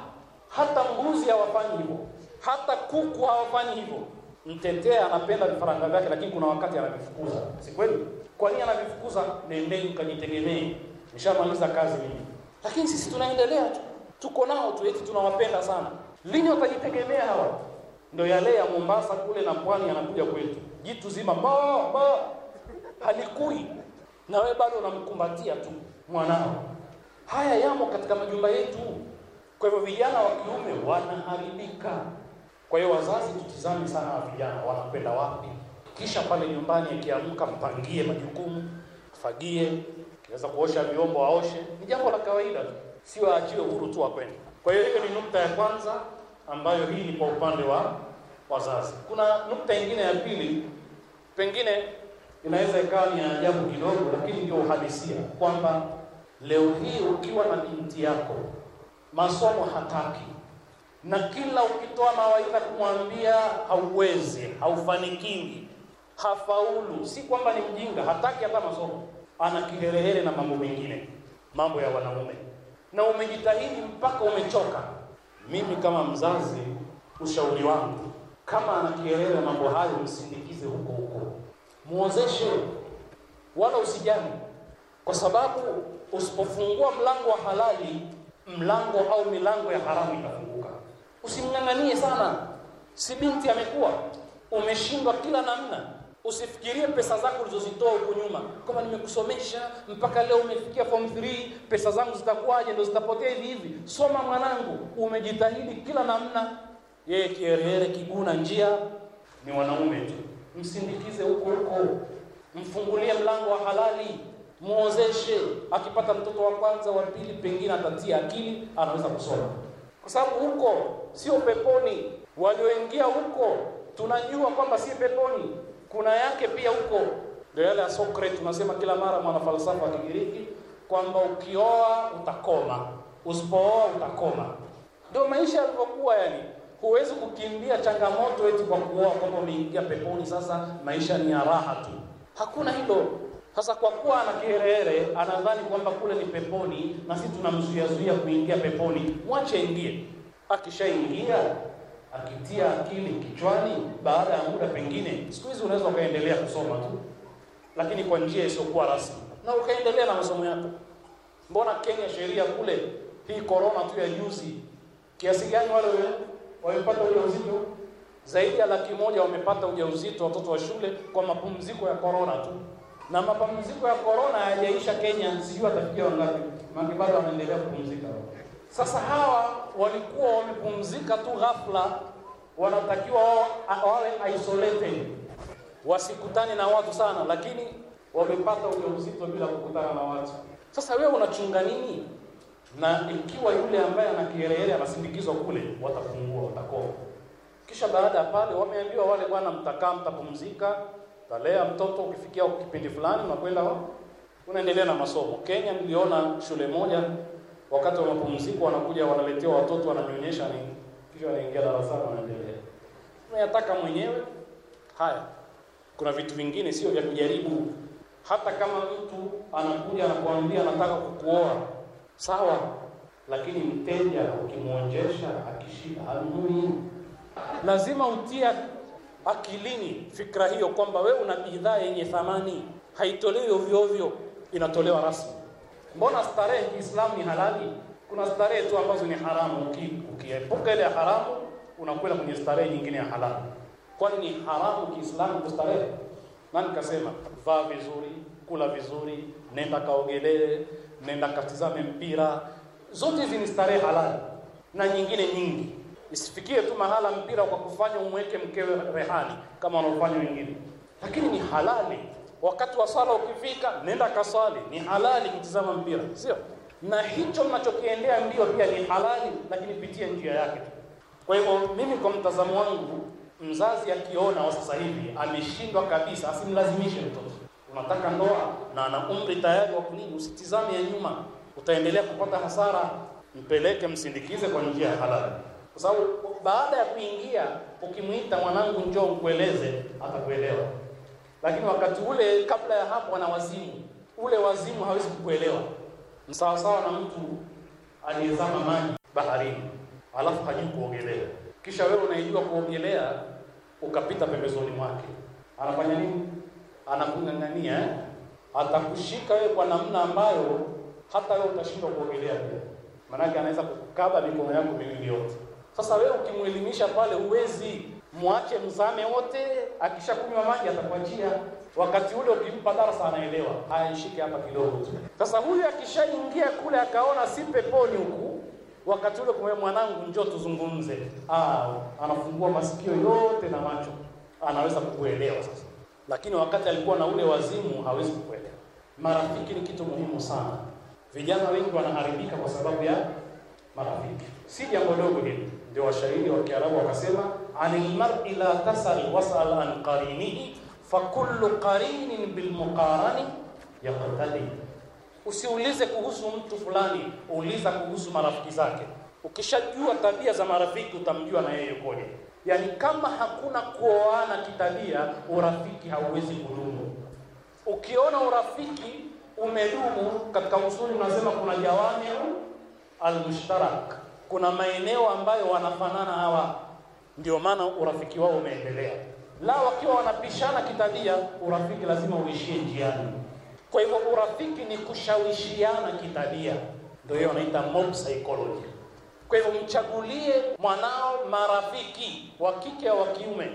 hata mbuzi hawafanyi hivyo, hata kuku hawafanyi hivyo. Mtetea anapenda vifaranga vyake, lakini kuna wakati anavifukuza, si kweli? Kwa nini anavifukuza? Nendeni mkajitegemee, nishamaliza kazi mimi lakini sisi tunaendelea tu, tuko nao tu, eti tunawapenda sana. Lini watajitegemea hawa? Ndio yale ya Mombasa kule na pwani, yanakuja kwetu, jitu zima ba ba halikui, na wewe bado unamkumbatia tu mwanao. Haya yamo katika majumba yetu. Kwa hivyo vijana wa kiume wanaharibika. Kwa hiyo wazazi, tutizame sana wa vijana wanakwenda wapi, kisha pale nyumbani akiamka, mpangie majukumu, fagie, Naweza kuosha vyombo aoshe, ni jambo la kawaida tu, sio aachiwe huru tu akwenda. Kwa hiyo hiyo ni nukta ya kwanza ambayo hii ni kwa upande wa wazazi. Kuna nukta nyingine ya pili, pengine inaweza ikawa ni ajabu kidogo, lakini ndio uhalisia kwamba leo hii ukiwa na binti yako masomo hataki, na kila ukitoa mawaidha kumwambia hauwezi, haufanikiwi, hafaulu, si kwamba ni mjinga, hataki hata masomo ana kiherehere na mambo mengine, mambo ya wanaume, na umejitahidi mpaka umechoka. Mimi kama mzazi, ushauri wangu, kama ana kiherehere na mambo hayo, msindikize huko huko, muozeshe, wala usijani, kwa sababu usipofungua mlango wa halali, mlango au milango ya haramu itafunguka. Usimng'ang'anie sana, si binti amekuwa, umeshindwa kila namna usifikirie pesa zako ulizozitoa huko nyuma kama nimekusomesha mpaka leo umefikia form 3 pesa zangu zitakuwaje ndo zitapotea hivi hivi soma mwanangu umejitahidi kila namna yeye kierere kiguna njia ni wanaume tu msindikize huko huko mfungulie mlango wa halali muozeshe akipata mtoto wa kwanza wa pili pengine atatia akili anaweza kusoma kwa sababu huko sio peponi walioingia huko tunajua kwamba si peponi kuna yake pia huko, ndio yale ya Socrates unasema kila mara mwana falsafa wa Kigiriki kwamba ukioa utakoma, usipooa utakoma. Ndio maisha yalivyokuwa, yani huwezi kukimbia changamoto eti kwa kuoa kwamba umeingia peponi, sasa maisha ni ya raha tu. Hakuna hilo. Sasa kwa kuwa ana kiherehere, anadhani kwamba kule ni peponi na sisi tunamzuiazuia kuingia peponi, mwache ingie. Akishaingia akitia akili kichwani, baada ya muda pengine, siku hizi unaweza ukaendelea kusoma tu, lakini kwa njia isiyokuwa rasmi na ukaendelea na masomo yako. Mbona Kenya sheria kule, hii corona tu ya juzi, kiasi gani wale wamepata ujauzito zaidi ya laki moja wamepata ujauzito watoto wa shule kwa mapumziko ya corona tu, na mapumziko ya corona hayajaisha Kenya, sijui atafikia wangapi, maana bado wanaendelea kupumzika. Sasa hawa walikuwa wamepumzika tu ghafla, wanatakiwa wawe isolated, wasikutane na watu sana, lakini wamepata ujauzito bila kukutana na watu. Sasa wewe unachunga nini? Na ikiwa yule ambaye anakielele anasindikizwa kule, watafungua watakoa. Kisha baada ya pale, wameambiwa wale, bwana, mtakaa, mtapumzika, talea mtoto, ukifikia kipindi fulani unakwenda unaendelea na masomo. Kenya niliona shule moja wakati wa mapumziko wanakuja wanaletea watoto wananyonyesha ni kisha wanaingia darasani wanaendelea. Unayataka mwenyewe haya. Kuna vitu vingine sio vya kujaribu. Hata kama mtu anakuja anakuambia anataka kukuoa, sawa, lakini mteja ukimwonjesha akishika hanunui. Lazima utia akilini fikra hiyo kwamba we una bidhaa yenye thamani, haitolewi ovyo ovyo, inatolewa rasmi. Mbona starehe Kiislamu ni halali? Kuna starehe tu ambazo ni haramu. Ukiepuka ile ya haramu, unakwenda kwenye starehe nyingine ya halali. Kwani ni haramu Kiislamu kustarehe? Nani kasema? Vaa vizuri, kula vizuri, nenda kaogelee, nenda katizame mpira. Zote hizi ni starehe halali na nyingine nyingi. Isifikie tu mahala mpira kwa kufanya umweke mkewe rehani kama wanaofanya wengine, lakini ni halali wakati wa sala ukifika, nenda kasali, ni halali kutizama mpira, sio? Na hicho mnachokiendea ndio pia ni halali, lakini pitia njia yake tu. Kwa hivyo mimi, kwa mtazamo wangu, mzazi akiona wa sasa hivi ameshindwa kabisa, asimlazimishe mtoto. Unataka ndoa na ana umri tayari wa kunini, usitizame ya nyuma, utaendelea kupata hasara. Mpeleke, msindikize kwa njia ya halali, kwa sababu baada ya kuingia, ukimwita mwanangu, njoo ukueleze atakuelewa lakini wakati ule kabla ya hapo ana wazimu, ule wazimu hawezi kukuelewa, msawasawa na mtu aliyezama maji baharini alafu hajui kuogelea, kisha wewe unaijua kuogelea ukapita pembezoni mwake, anafanya nini? Anakung'ang'ania eh? Atakushika wewe kwa namna ambayo hata wewe utashindwa kuogelea pia, maanake anaweza kukaba mikono yako miwili yote. Sasa wewe ukimwelimisha pale, huwezi mwache mzame wote, akishakunywa maji atakuachia. Wakati ule ukimpa darasa anaelewa, haya nishike hapa kidogo tu. Sasa huyu akishaingia kule akaona si peponi huku, wakati ule kumwambia mwanangu, njoo tuzungumze. Ah, anafungua masikio yote na macho, anaweza kukuelewa sasa. Lakini wakati alikuwa na ule wazimu hawezi kukuelewa. Marafiki ni kitu muhimu sana. Vijana wengi wanaharibika kwa sababu ya marafiki, si jambo dogo hili. Ndio washairi wa Kiarabu wakasema anil mar'i la tasal was'al an qarinihi fa kullu qarinin bil muqarani yaqtadi. Usiulize kuhusu mtu fulani, uliza kuhusu marafiki zake. Ukishajua tabia za marafiki utamjua na yeye yukoje. yani kama hakuna kuoana kitabia, urafiki hauwezi kudumu. Ukiona urafiki umedumu katika usuli, unasema kuna jawamiu almushtarak, kuna maeneo ambayo wanafanana hawa ndio maana urafiki wao umeendelea. La, wakiwa wanapishana kitabia, urafiki lazima uishie njiani. Kwa hivyo urafiki ni kushawishiana kitabia, ndio hiyo wanaita mob psychology. Kwa hivyo mchagulie mwanao marafiki wa kike au wa kiume,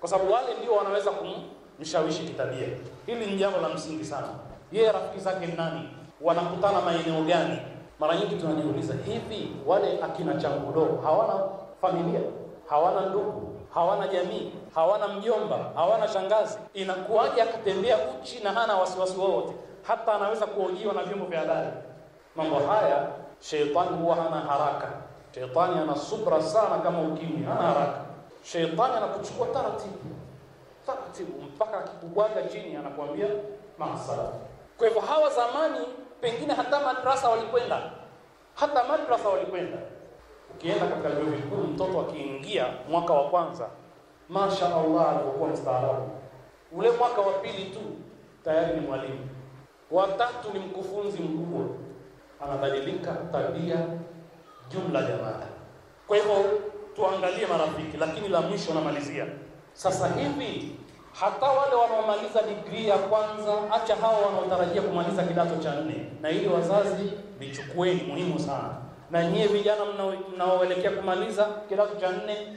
kwa sababu wale ndio wanaweza kumshawishi kitabia. Hili ni jambo la msingi sana. Yeye rafiki zake ni nani? Wanakutana maeneo gani? Mara nyingi tunajiuliza hivi, wale akina Changudo hawana familia? hawana ndugu, hawana jamii, hawana mjomba, hawana shangazi. Inakuwaje akatembea uchi na hana wasiwasi wowote, hata anaweza kuojiwa na vyombo vya habari? Mambo haya sheitani huwa hana haraka. Sheitani ana subra sana kama ukimwi, hana haraka. Sheitani anakuchukua taratibu taratibu mpaka akikubwaga chini anakuambia maasala. Kwa hivyo hawa zamani pengine hata madrasa walikwenda, hata madrasa walikwenda ukienda katika vyuo vikuu mtoto akiingia mwaka wa kwanza masha Allah alivyokuwa mstaarabu ule mwaka wa pili tu tayari ni mwalimu watatu ni mkufunzi mkubwa anabadilika tabia jumla jamaa kwa hivyo tuangalie marafiki lakini la mwisho namalizia sasa hivi hata wale wanaomaliza digrii ya kwanza acha hao wanaotarajia kumaliza kidato cha nne na ili wazazi vichukueni muhimu sana na nyie vijana mnaoelekea kumaliza kidato cha nne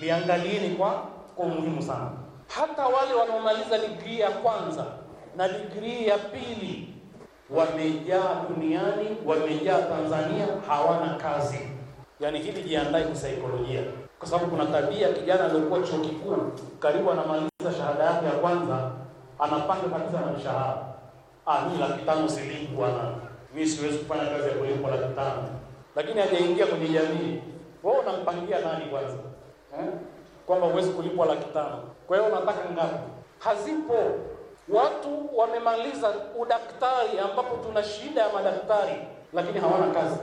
liangalieni kwa kwa umuhimu sana. Hata wale wanaomaliza digrii ya kwanza na digrii ya pili wamejaa duniani, wamejaa Tanzania, hawana kazi. Yaani hili jiandae kisaikolojia, kwa sababu kuna tabia kijana aliyokuwa chuo kikuu karibu anamaliza shahada yake ya kwanza, anapanga kabisa na mshahara, ah, mimi laki tano silipwi bwana, mimi siwezi kufanya kazi ya kulipwa laki tano lakini hajaingia kwenye jamii, wewe unampangia nani kwanza eh? Kwamba huwezi kulipwa laki tano, kwa hiyo unataka ngapi? Hazipo. Watu wamemaliza udaktari, ambapo tuna shida ya madaktari, lakini hawana kazi.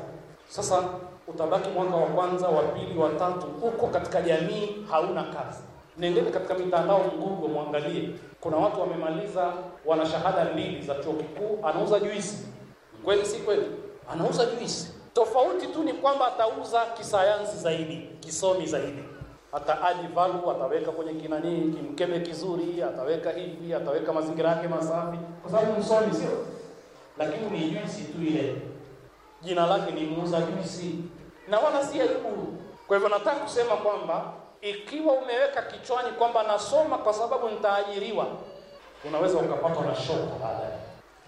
Sasa utabaki mwaka wa kwanza, wa pili, wa tatu, huko katika jamii, hauna kazi. Nendeni katika mitandao Google, mwangalie, kuna watu wamemaliza, wana shahada mbili za chuo kikuu, anauza juisi. Kweli si kweli? Anauza juisi Tofauti tu ni kwamba atauza kisayansi zaidi, kisomi zaidi. Hata ali value ataweka kwenye kinani kimkeme kizuri, ataweka hivi, ataweka mazingira yake masafi, kwa sababu msomi sio, lakini ni juisi tu ile, jina lake ni muuza juisi na wala si aibu. Kwa hivyo nataka kusema kwamba ikiwa umeweka kichwani kwamba nasoma kwa sababu nitaajiriwa, unaweza ukapatwa na shoko baadaye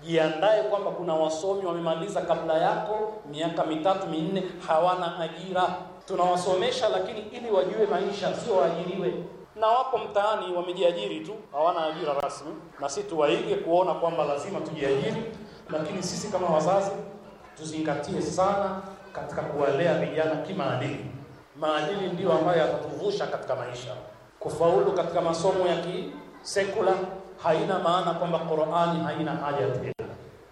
jiandae kwamba kuna wasomi wamemaliza kabla yako miaka mitatu minne, hawana ajira. Tunawasomesha lakini ili wajue maisha, sio waajiriwe. Na wapo mtaani wamejiajiri tu, hawana ajira rasmi, na sisi tuwaige kuona kwamba lazima tujiajiri, lakini sisi kama wazazi tuzingatie sana katika kuwalea vijana kimaadili. Maadili ndiyo ambayo yatatuvusha katika maisha. Kufaulu katika masomo ya kisekula haina maana kwamba Qur'ani haina haja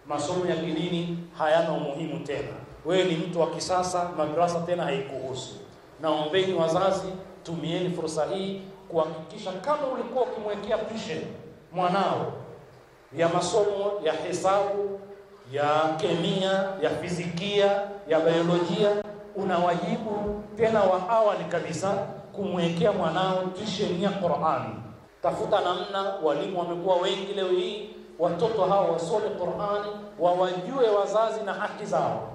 masomo ya kidini hayana umuhimu tena. Wewe ni mtu wa kisasa, madrasa tena haikuhusu. Naombeni wazazi, tumieni fursa hii kuhakikisha kama ulikuwa ukimwekea pishe mwanao ya masomo ya hesabu, ya kemia, ya fizikia, ya biolojia, una wajibu tena wa awali kabisa kumwekea mwanao tisheni ya Qurani. Tafuta namna, walimu wamekuwa wengi leo hii watoto hao wasome Qur'ani wawajue wazazi na haki zao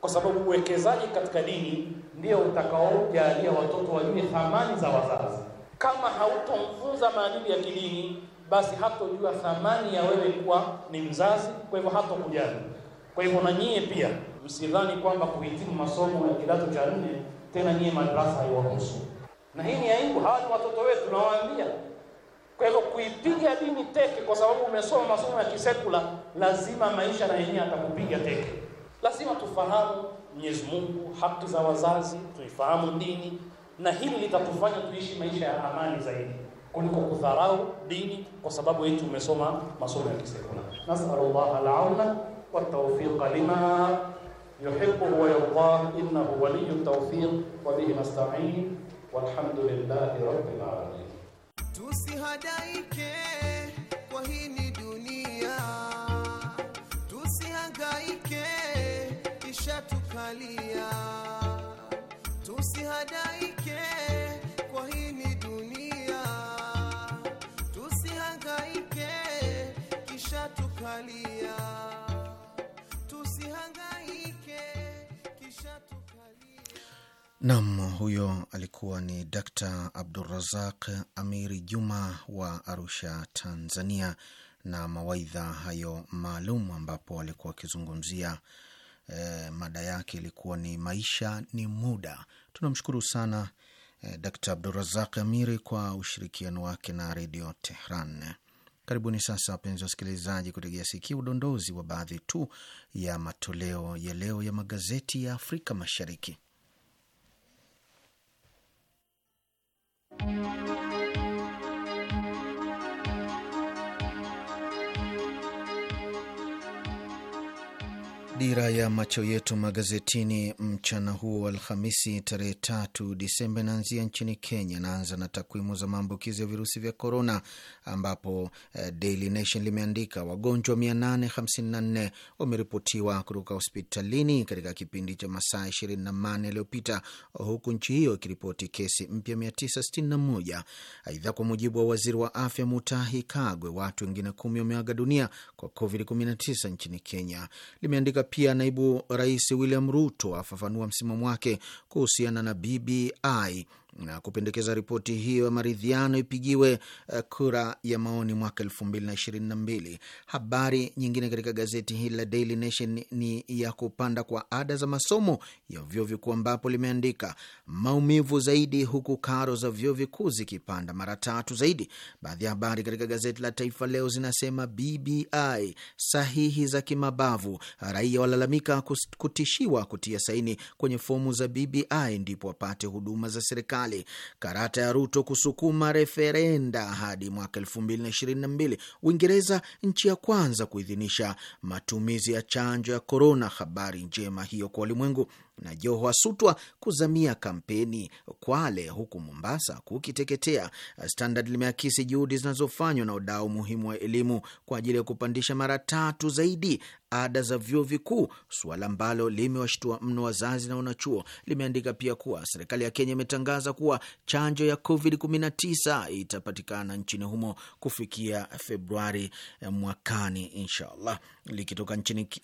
kwa sababu uwekezaji katika dini ndio utakaojalia watoto wajue thamani za wazazi kama hautomfunza maadili ya kidini basi hatojua thamani ya wewe kuwa ni mzazi kwa hivyo hatokujali kwa hivyo na nyie pia msidhani kwamba kuhitimu masomo ya kidato cha nne tena nyie madrasa haiwahusu na hii ni aibu hawa ni watoto wetu tunawaambia kwa hivyo kuipiga dini teke kwa sababu umesoma masomo ya kisekula, lazima maisha na yenyewe atakupiga teke. Lazima tufahamu Mwenyezi Mungu, haki za wazazi, tuifahamu dini, na hili litatufanya tuishi maisha ya amani zaidi kuliko kudharau dini kwa sababu eti umesoma masomo ya kisekula. Nasallallahu al-auna wa tawfiqa lima yuhibbu wa yarda innahu waliyyu tawfiq wa bihi nasta'in walhamdulillahi rabbil alamin. Usihadaike kwa hii ni dunia, tusihangaike kisha tukalia, tusihadaike Nam, huyo alikuwa ni Dakta Abdurazaq Amiri Juma wa Arusha, Tanzania, na mawaidha hayo maalum, ambapo alikuwa akizungumzia eh, mada yake ilikuwa ni maisha ni muda. Tunamshukuru sana eh, Dakta Abdurazaq Amiri kwa ushirikiano wake na Redio Tehran. Karibuni sasa wapenzi wasikilizaji, kutegea sikia udondozi wa baadhi tu ya matoleo ya leo ya magazeti ya Afrika Mashariki. Dira ya macho yetu magazetini mchana huo Alhamisi tarehe tatu Disemba inaanzia nchini Kenya. Inaanza na takwimu za maambukizi ya virusi vya korona, ambapo eh, Daily Nation limeandika wagonjwa 854 wameripotiwa kutoka hospitalini katika kipindi cha masaa 24 yaliyopita, huku nchi hiyo ikiripoti kesi mpya 961. Aidha, kwa mujibu wa waziri wa afya Mutahi Kagwe, watu wengine kumi wameaga dunia kwa COVID-19 nchini Kenya. Limeandika pia naibu rais William Ruto afafanua msimamo wake kuhusiana na BBI na kupendekeza ripoti hiyo ya maridhiano ipigiwe eh, kura ya maoni mwaka elfu mbili na ishirini na mbili. Habari nyingine katika gazeti hili la Daily Nation ni ya kupanda kwa ada za masomo ya vyuo vikuu ambapo limeandika maumivu zaidi, huku karo za vyuo vikuu zikipanda mara tatu zaidi. Baadhi ya habari katika gazeti la Taifa Leo zinasema BBI sahihi za kimabavu, raia walalamika kutishiwa kutia saini kwenye fomu za BBI ndipo wapate huduma za serikali serikali karata ya Ruto kusukuma referenda hadi mwaka elfu mbili na ishirini na mbili. Uingereza nchi ya kwanza kuidhinisha matumizi ya chanjo ya korona. Habari njema hiyo kwa ulimwengu na Joho asutwa kuzamia kampeni Kwale, huku Mombasa kukiteketea. Standard limeakisi juhudi zinazofanywa na udao muhimu wa elimu kwa ajili ya kupandisha mara tatu zaidi ada za vyuo vikuu, suala ambalo limewashtua mno wazazi na wanachuo. Limeandika pia kuwa serikali ya Kenya imetangaza kuwa chanjo ya COVID-19 itapatikana nchini humo kufikia Februari mwakani, inshallah.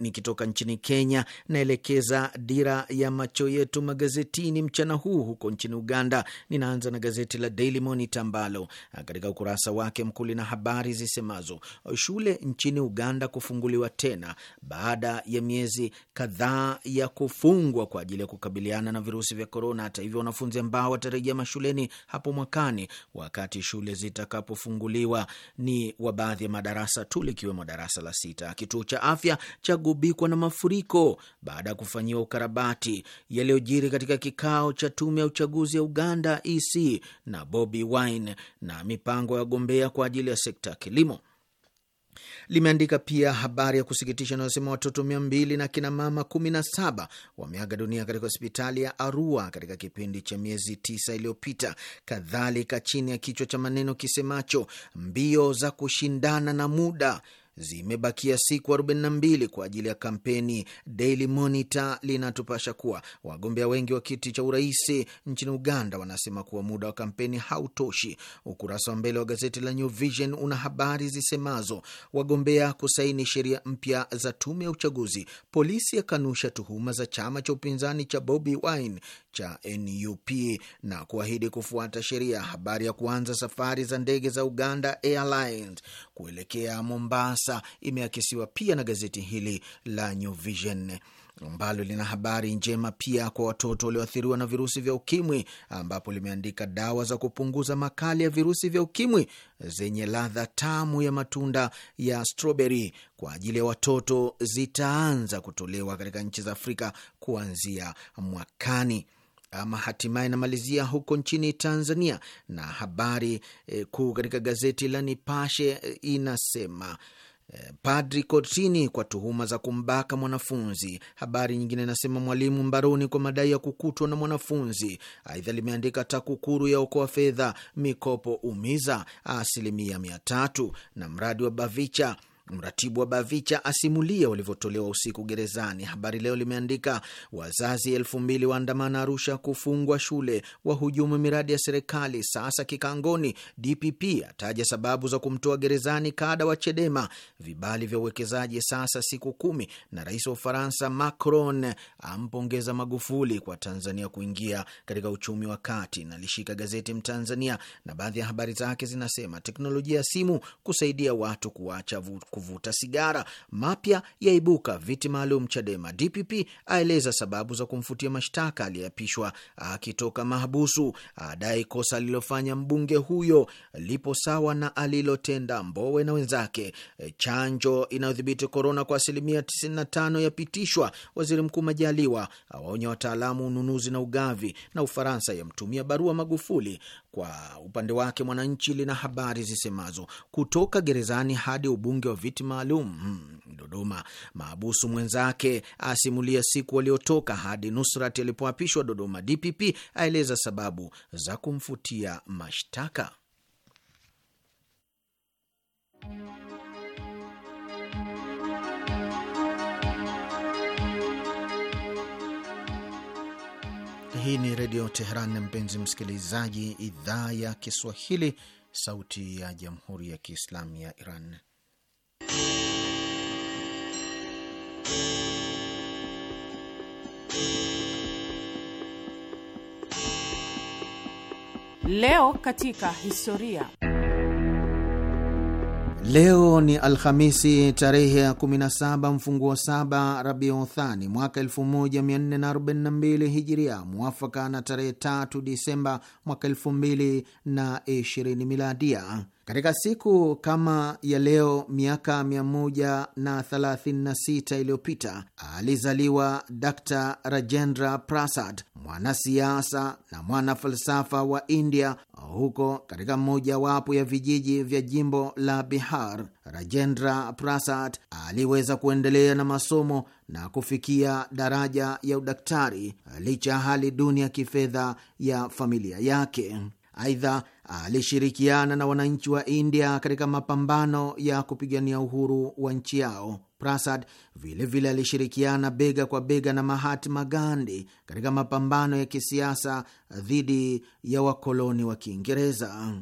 Nikitoka nchini Kenya naelekeza dira ya ya macho yetu magazetini mchana huu huko nchini Uganda. Ninaanza na gazeti la Daily Monitor ambalo eh, katika ukurasa wake mkuu lina habari zisemazo shule nchini Uganda kufunguliwa tena baada ya miezi kadhaa ya kufungwa kwa ajili ya kukabiliana na virusi vya korona. Hata hivyo, wanafunzi ambao watarejea mashuleni hapo mwakani wakati shule zitakapofunguliwa ni wa baadhi ya madarasa tu likiwemo darasa la sita. Kituo cha afya chagubikwa na mafuriko baada ya kufanyiwa ukarabati kati yaliyojiri katika kikao cha tume ya uchaguzi ya Uganda EC na Bobi Wine na mipango ya gombea kwa ajili ya sekta ya kilimo. Limeandika pia habari ya kusikitisha inayosema watoto mia mbili na kinamama kumi na saba wameaga dunia katika hospitali ya Arua katika kipindi cha miezi tisa iliyopita. Kadhalika, chini ya kichwa cha maneno kisemacho mbio za kushindana na muda Zimebakia siku 42 kwa ajili ya kampeni. Daily Monitor linatupasha kuwa wagombea wengi wa kiti cha urais nchini Uganda wanasema kuwa muda wa kampeni hautoshi. Ukurasa wa mbele wa gazeti la New Vision una habari zisemazo wagombea kusaini sheria mpya za tume ya uchaguzi, polisi yakanusha tuhuma za chama cha upinzani cha Bobi Wine cha NUP na kuahidi kufuata sheria. Habari ya kuanza safari za ndege za Uganda Airlines kuelekea Mombasa, imeakisiwa pia na gazeti hili la New Vision ambalo lina habari njema pia kwa watoto walioathiriwa na virusi vya ukimwi, ambapo limeandika dawa za kupunguza makali ya virusi vya ukimwi zenye ladha tamu ya matunda ya strawberry kwa ajili ya watoto zitaanza kutolewa katika nchi za Afrika kuanzia mwakani. Ama hatimaye namalizia huko nchini Tanzania, na habari e, kuu katika gazeti la Nipashe e, inasema eh, Padri kotini kwa tuhuma za kumbaka mwanafunzi. Habari nyingine inasema mwalimu mbaroni kwa madai ya kukutwa na mwanafunzi. Aidha limeandika TAKUKURU ya okoa fedha mikopo umiza asilimia mia tatu, na mradi wa BAVICHA Mratibu wa BAVICHA asimulia walivyotolewa usiku gerezani. Habari Leo limeandika wazazi elfu mbili waandamana Arusha kufungwa shule, wahujumu miradi ya serikali sasa kikangoni. DPP ataja sababu za kumtoa gerezani kada wa CHEDEMA, vibali vya uwekezaji sasa siku kumi, na rais wa Ufaransa Macron ampongeza Magufuli kwa Tanzania kuingia katika uchumi wa kati. Nalishika gazeti Mtanzania na baadhi ya habari zake zinasema: teknolojia ya simu kusaidia watu kuacha kuvuta sigara, mapya yaibuka viti maalum Chadema, DPP aeleza sababu za kumfutia mashtaka aliyeapishwa akitoka mahabusu, adai kosa alilofanya mbunge huyo lipo sawa na alilotenda Mbowe na wenzake. Chanjo inayodhibiti korona kwa asilimia 95 yapitishwa, waziri mkuu Majali kukataliwa, awaonya wataalamu ununuzi na ugavi, na Ufaransa yamtumia barua Magufuli. Kwa upande wake, Mwananchi lina habari zisemazo kutoka gerezani hadi ubunge wa viti maalum hmm, Dodoma. Maabusu mwenzake asimulia siku waliotoka hadi Nusrat alipoapishwa Dodoma. DPP aeleza sababu za kumfutia mashtaka. Hii ni Redio Teheran, mpenzi msikilizaji, idhaa ya Kiswahili, sauti ya Jamhuri ya Kiislamu ya Iran. Leo katika historia Leo ni Alhamisi tarehe ya 17 mfunguo 7 Rabiuthani mwaka 1442 Hijiria, muafaka na tarehe 3 Disemba mwaka 2020 Miladia. Katika siku kama ya leo miaka 136 iliyopita alizaliwa Dr Rajendra Prasad, mwanasiasa na mwana falsafa wa India, huko katika mmojawapo ya vijiji vya jimbo la Bihar. Rajendra Prasad aliweza kuendelea na masomo na kufikia daraja ya udaktari licha ya hali duni ya kifedha ya familia yake. Aidha, alishirikiana na wananchi wa India katika mapambano ya kupigania uhuru wa nchi yao. Prasad vilevile vile alishirikiana bega kwa bega na Mahatma Gandhi katika mapambano ya kisiasa dhidi ya wakoloni wa Kiingereza.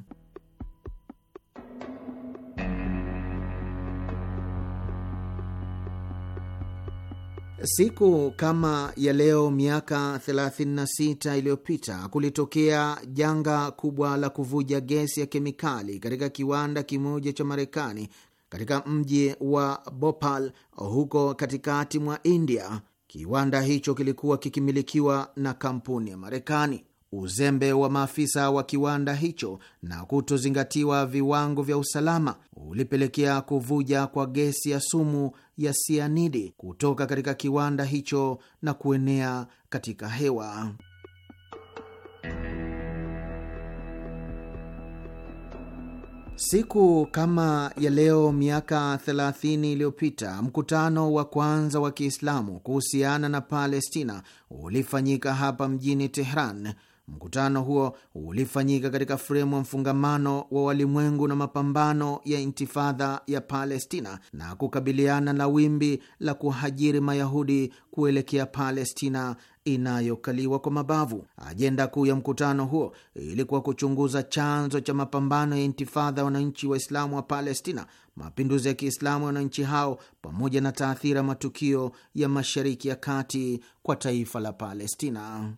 Siku kama ya leo miaka 36 iliyopita kulitokea janga kubwa la kuvuja gesi ya kemikali katika kiwanda kimoja cha Marekani katika mji wa Bhopal huko katikati mwa India. Kiwanda hicho kilikuwa kikimilikiwa na kampuni ya Marekani uzembe wa maafisa wa kiwanda hicho na kutozingatiwa viwango vya usalama ulipelekea kuvuja kwa gesi ya sumu ya sianidi kutoka katika kiwanda hicho na kuenea katika hewa. Siku kama ya leo miaka 30 iliyopita mkutano wa kwanza wa Kiislamu kuhusiana na Palestina ulifanyika hapa mjini Tehran. Mkutano huo ulifanyika katika fremu ya mfungamano wa walimwengu na mapambano ya intifadha ya Palestina na kukabiliana na wimbi la kuhajiri Mayahudi kuelekea Palestina inayokaliwa kwa mabavu. Ajenda kuu ya mkutano huo ilikuwa kuchunguza chanzo cha mapambano ya intifadha ya wananchi Waislamu wa Palestina, mapinduzi ya Kiislamu ya wananchi hao, pamoja na taathira matukio ya Mashariki ya Kati kwa taifa la Palestina.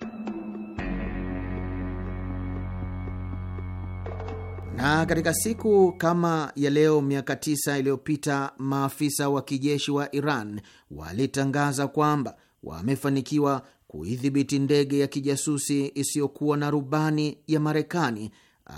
Na katika siku kama ya leo miaka tisa iliyopita maafisa wa kijeshi wa Iran walitangaza kwamba wamefanikiwa kuidhibiti ndege ya kijasusi isiyokuwa na rubani ya Marekani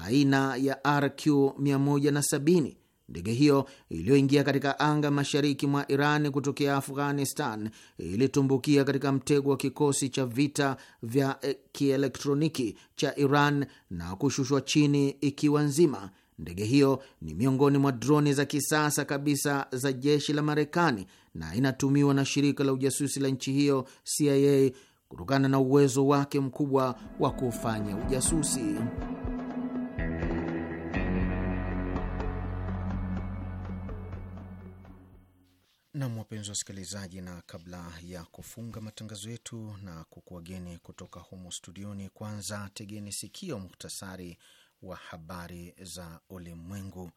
aina ya RQ 170 Ndege hiyo iliyoingia katika anga mashariki mwa Iran kutokea Afghanistan ilitumbukia katika mtego wa kikosi cha vita vya eh, kielektroniki cha Iran na kushushwa chini ikiwa nzima. Ndege hiyo ni miongoni mwa droni za kisasa kabisa za jeshi la Marekani na inatumiwa na shirika la ujasusi la nchi hiyo CIA kutokana na uwezo wake mkubwa wa kufanya ujasusi. Nam, wapenzi wasikilizaji, na kabla ya kufunga matangazo yetu na kukuwageni kutoka humo studioni, kwanza tegeni sikio muhtasari wa habari za ulimwengu.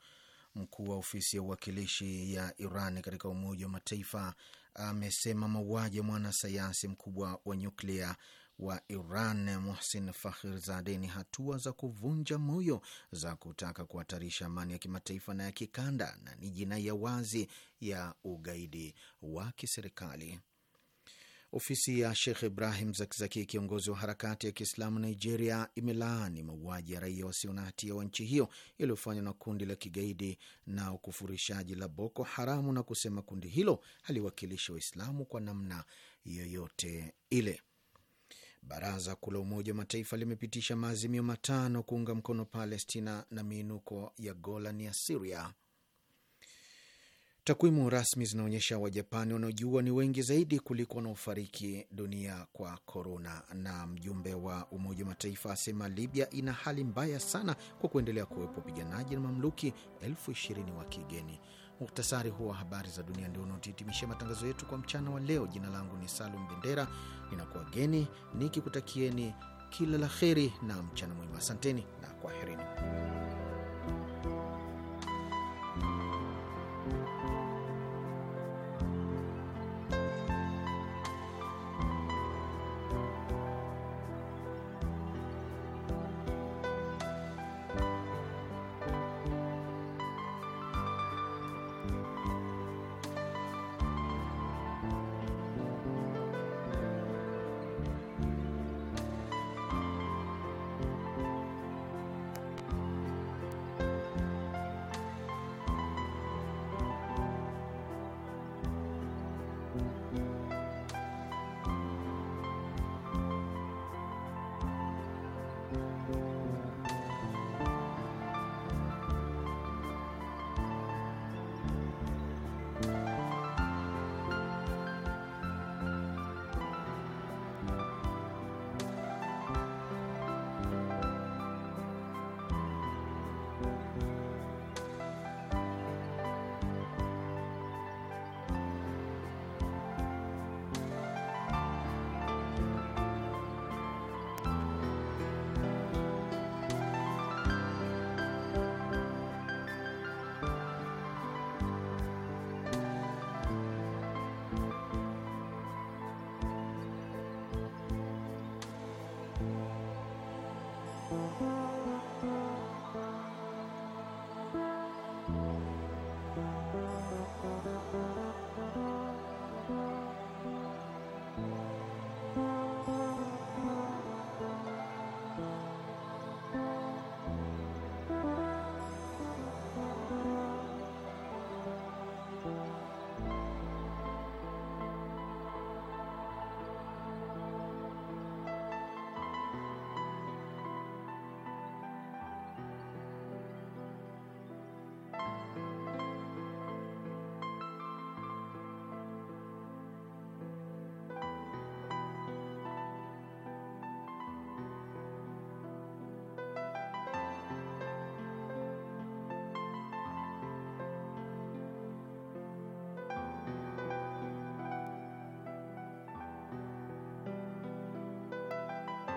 Mkuu wa ofisi ya uwakilishi ya Iran katika Umoja wa Mataifa amesema mauaji ya mwanasayansi mkubwa wa nyuklia wa Iran Muhsin Fakhrizadeh ni hatua za kuvunja moyo za kutaka kuhatarisha amani ya kimataifa na ya kikanda na ni jinai ya wazi ya ugaidi wa kiserikali. Ofisi ya Shekh Ibrahim Zakzaki, kiongozi wa harakati ya Kiislamu Nigeria, imelaani mauaji ya raia wasio na hatia wa nchi hiyo yaliyofanywa na kundi la kigaidi na ukufurishaji la Boko Haramu na kusema kundi hilo haliwakilishi Waislamu kwa namna yoyote ile. Baraza Kuu la Umoja wa Mataifa limepitisha maazimio matano kuunga mkono Palestina na miinuko ya Golan ya Siria. Takwimu rasmi zinaonyesha Wajapani wanaojiua ni wengi zaidi kuliko wanaofariki dunia kwa korona. Na mjumbe wa Umoja wa Mataifa asema Libya ina hali mbaya sana kwa kuendelea kuwepo wapiganaji na mamluki elfu ishirini wa kigeni. Muktasari huo wa habari za dunia ndio unaotihitimishia matangazo yetu kwa mchana wa leo. Jina langu ni Salum Bendera, ninakuwa geni nikikutakieni kila la kheri na mchana mwema. Asanteni na kwaherini.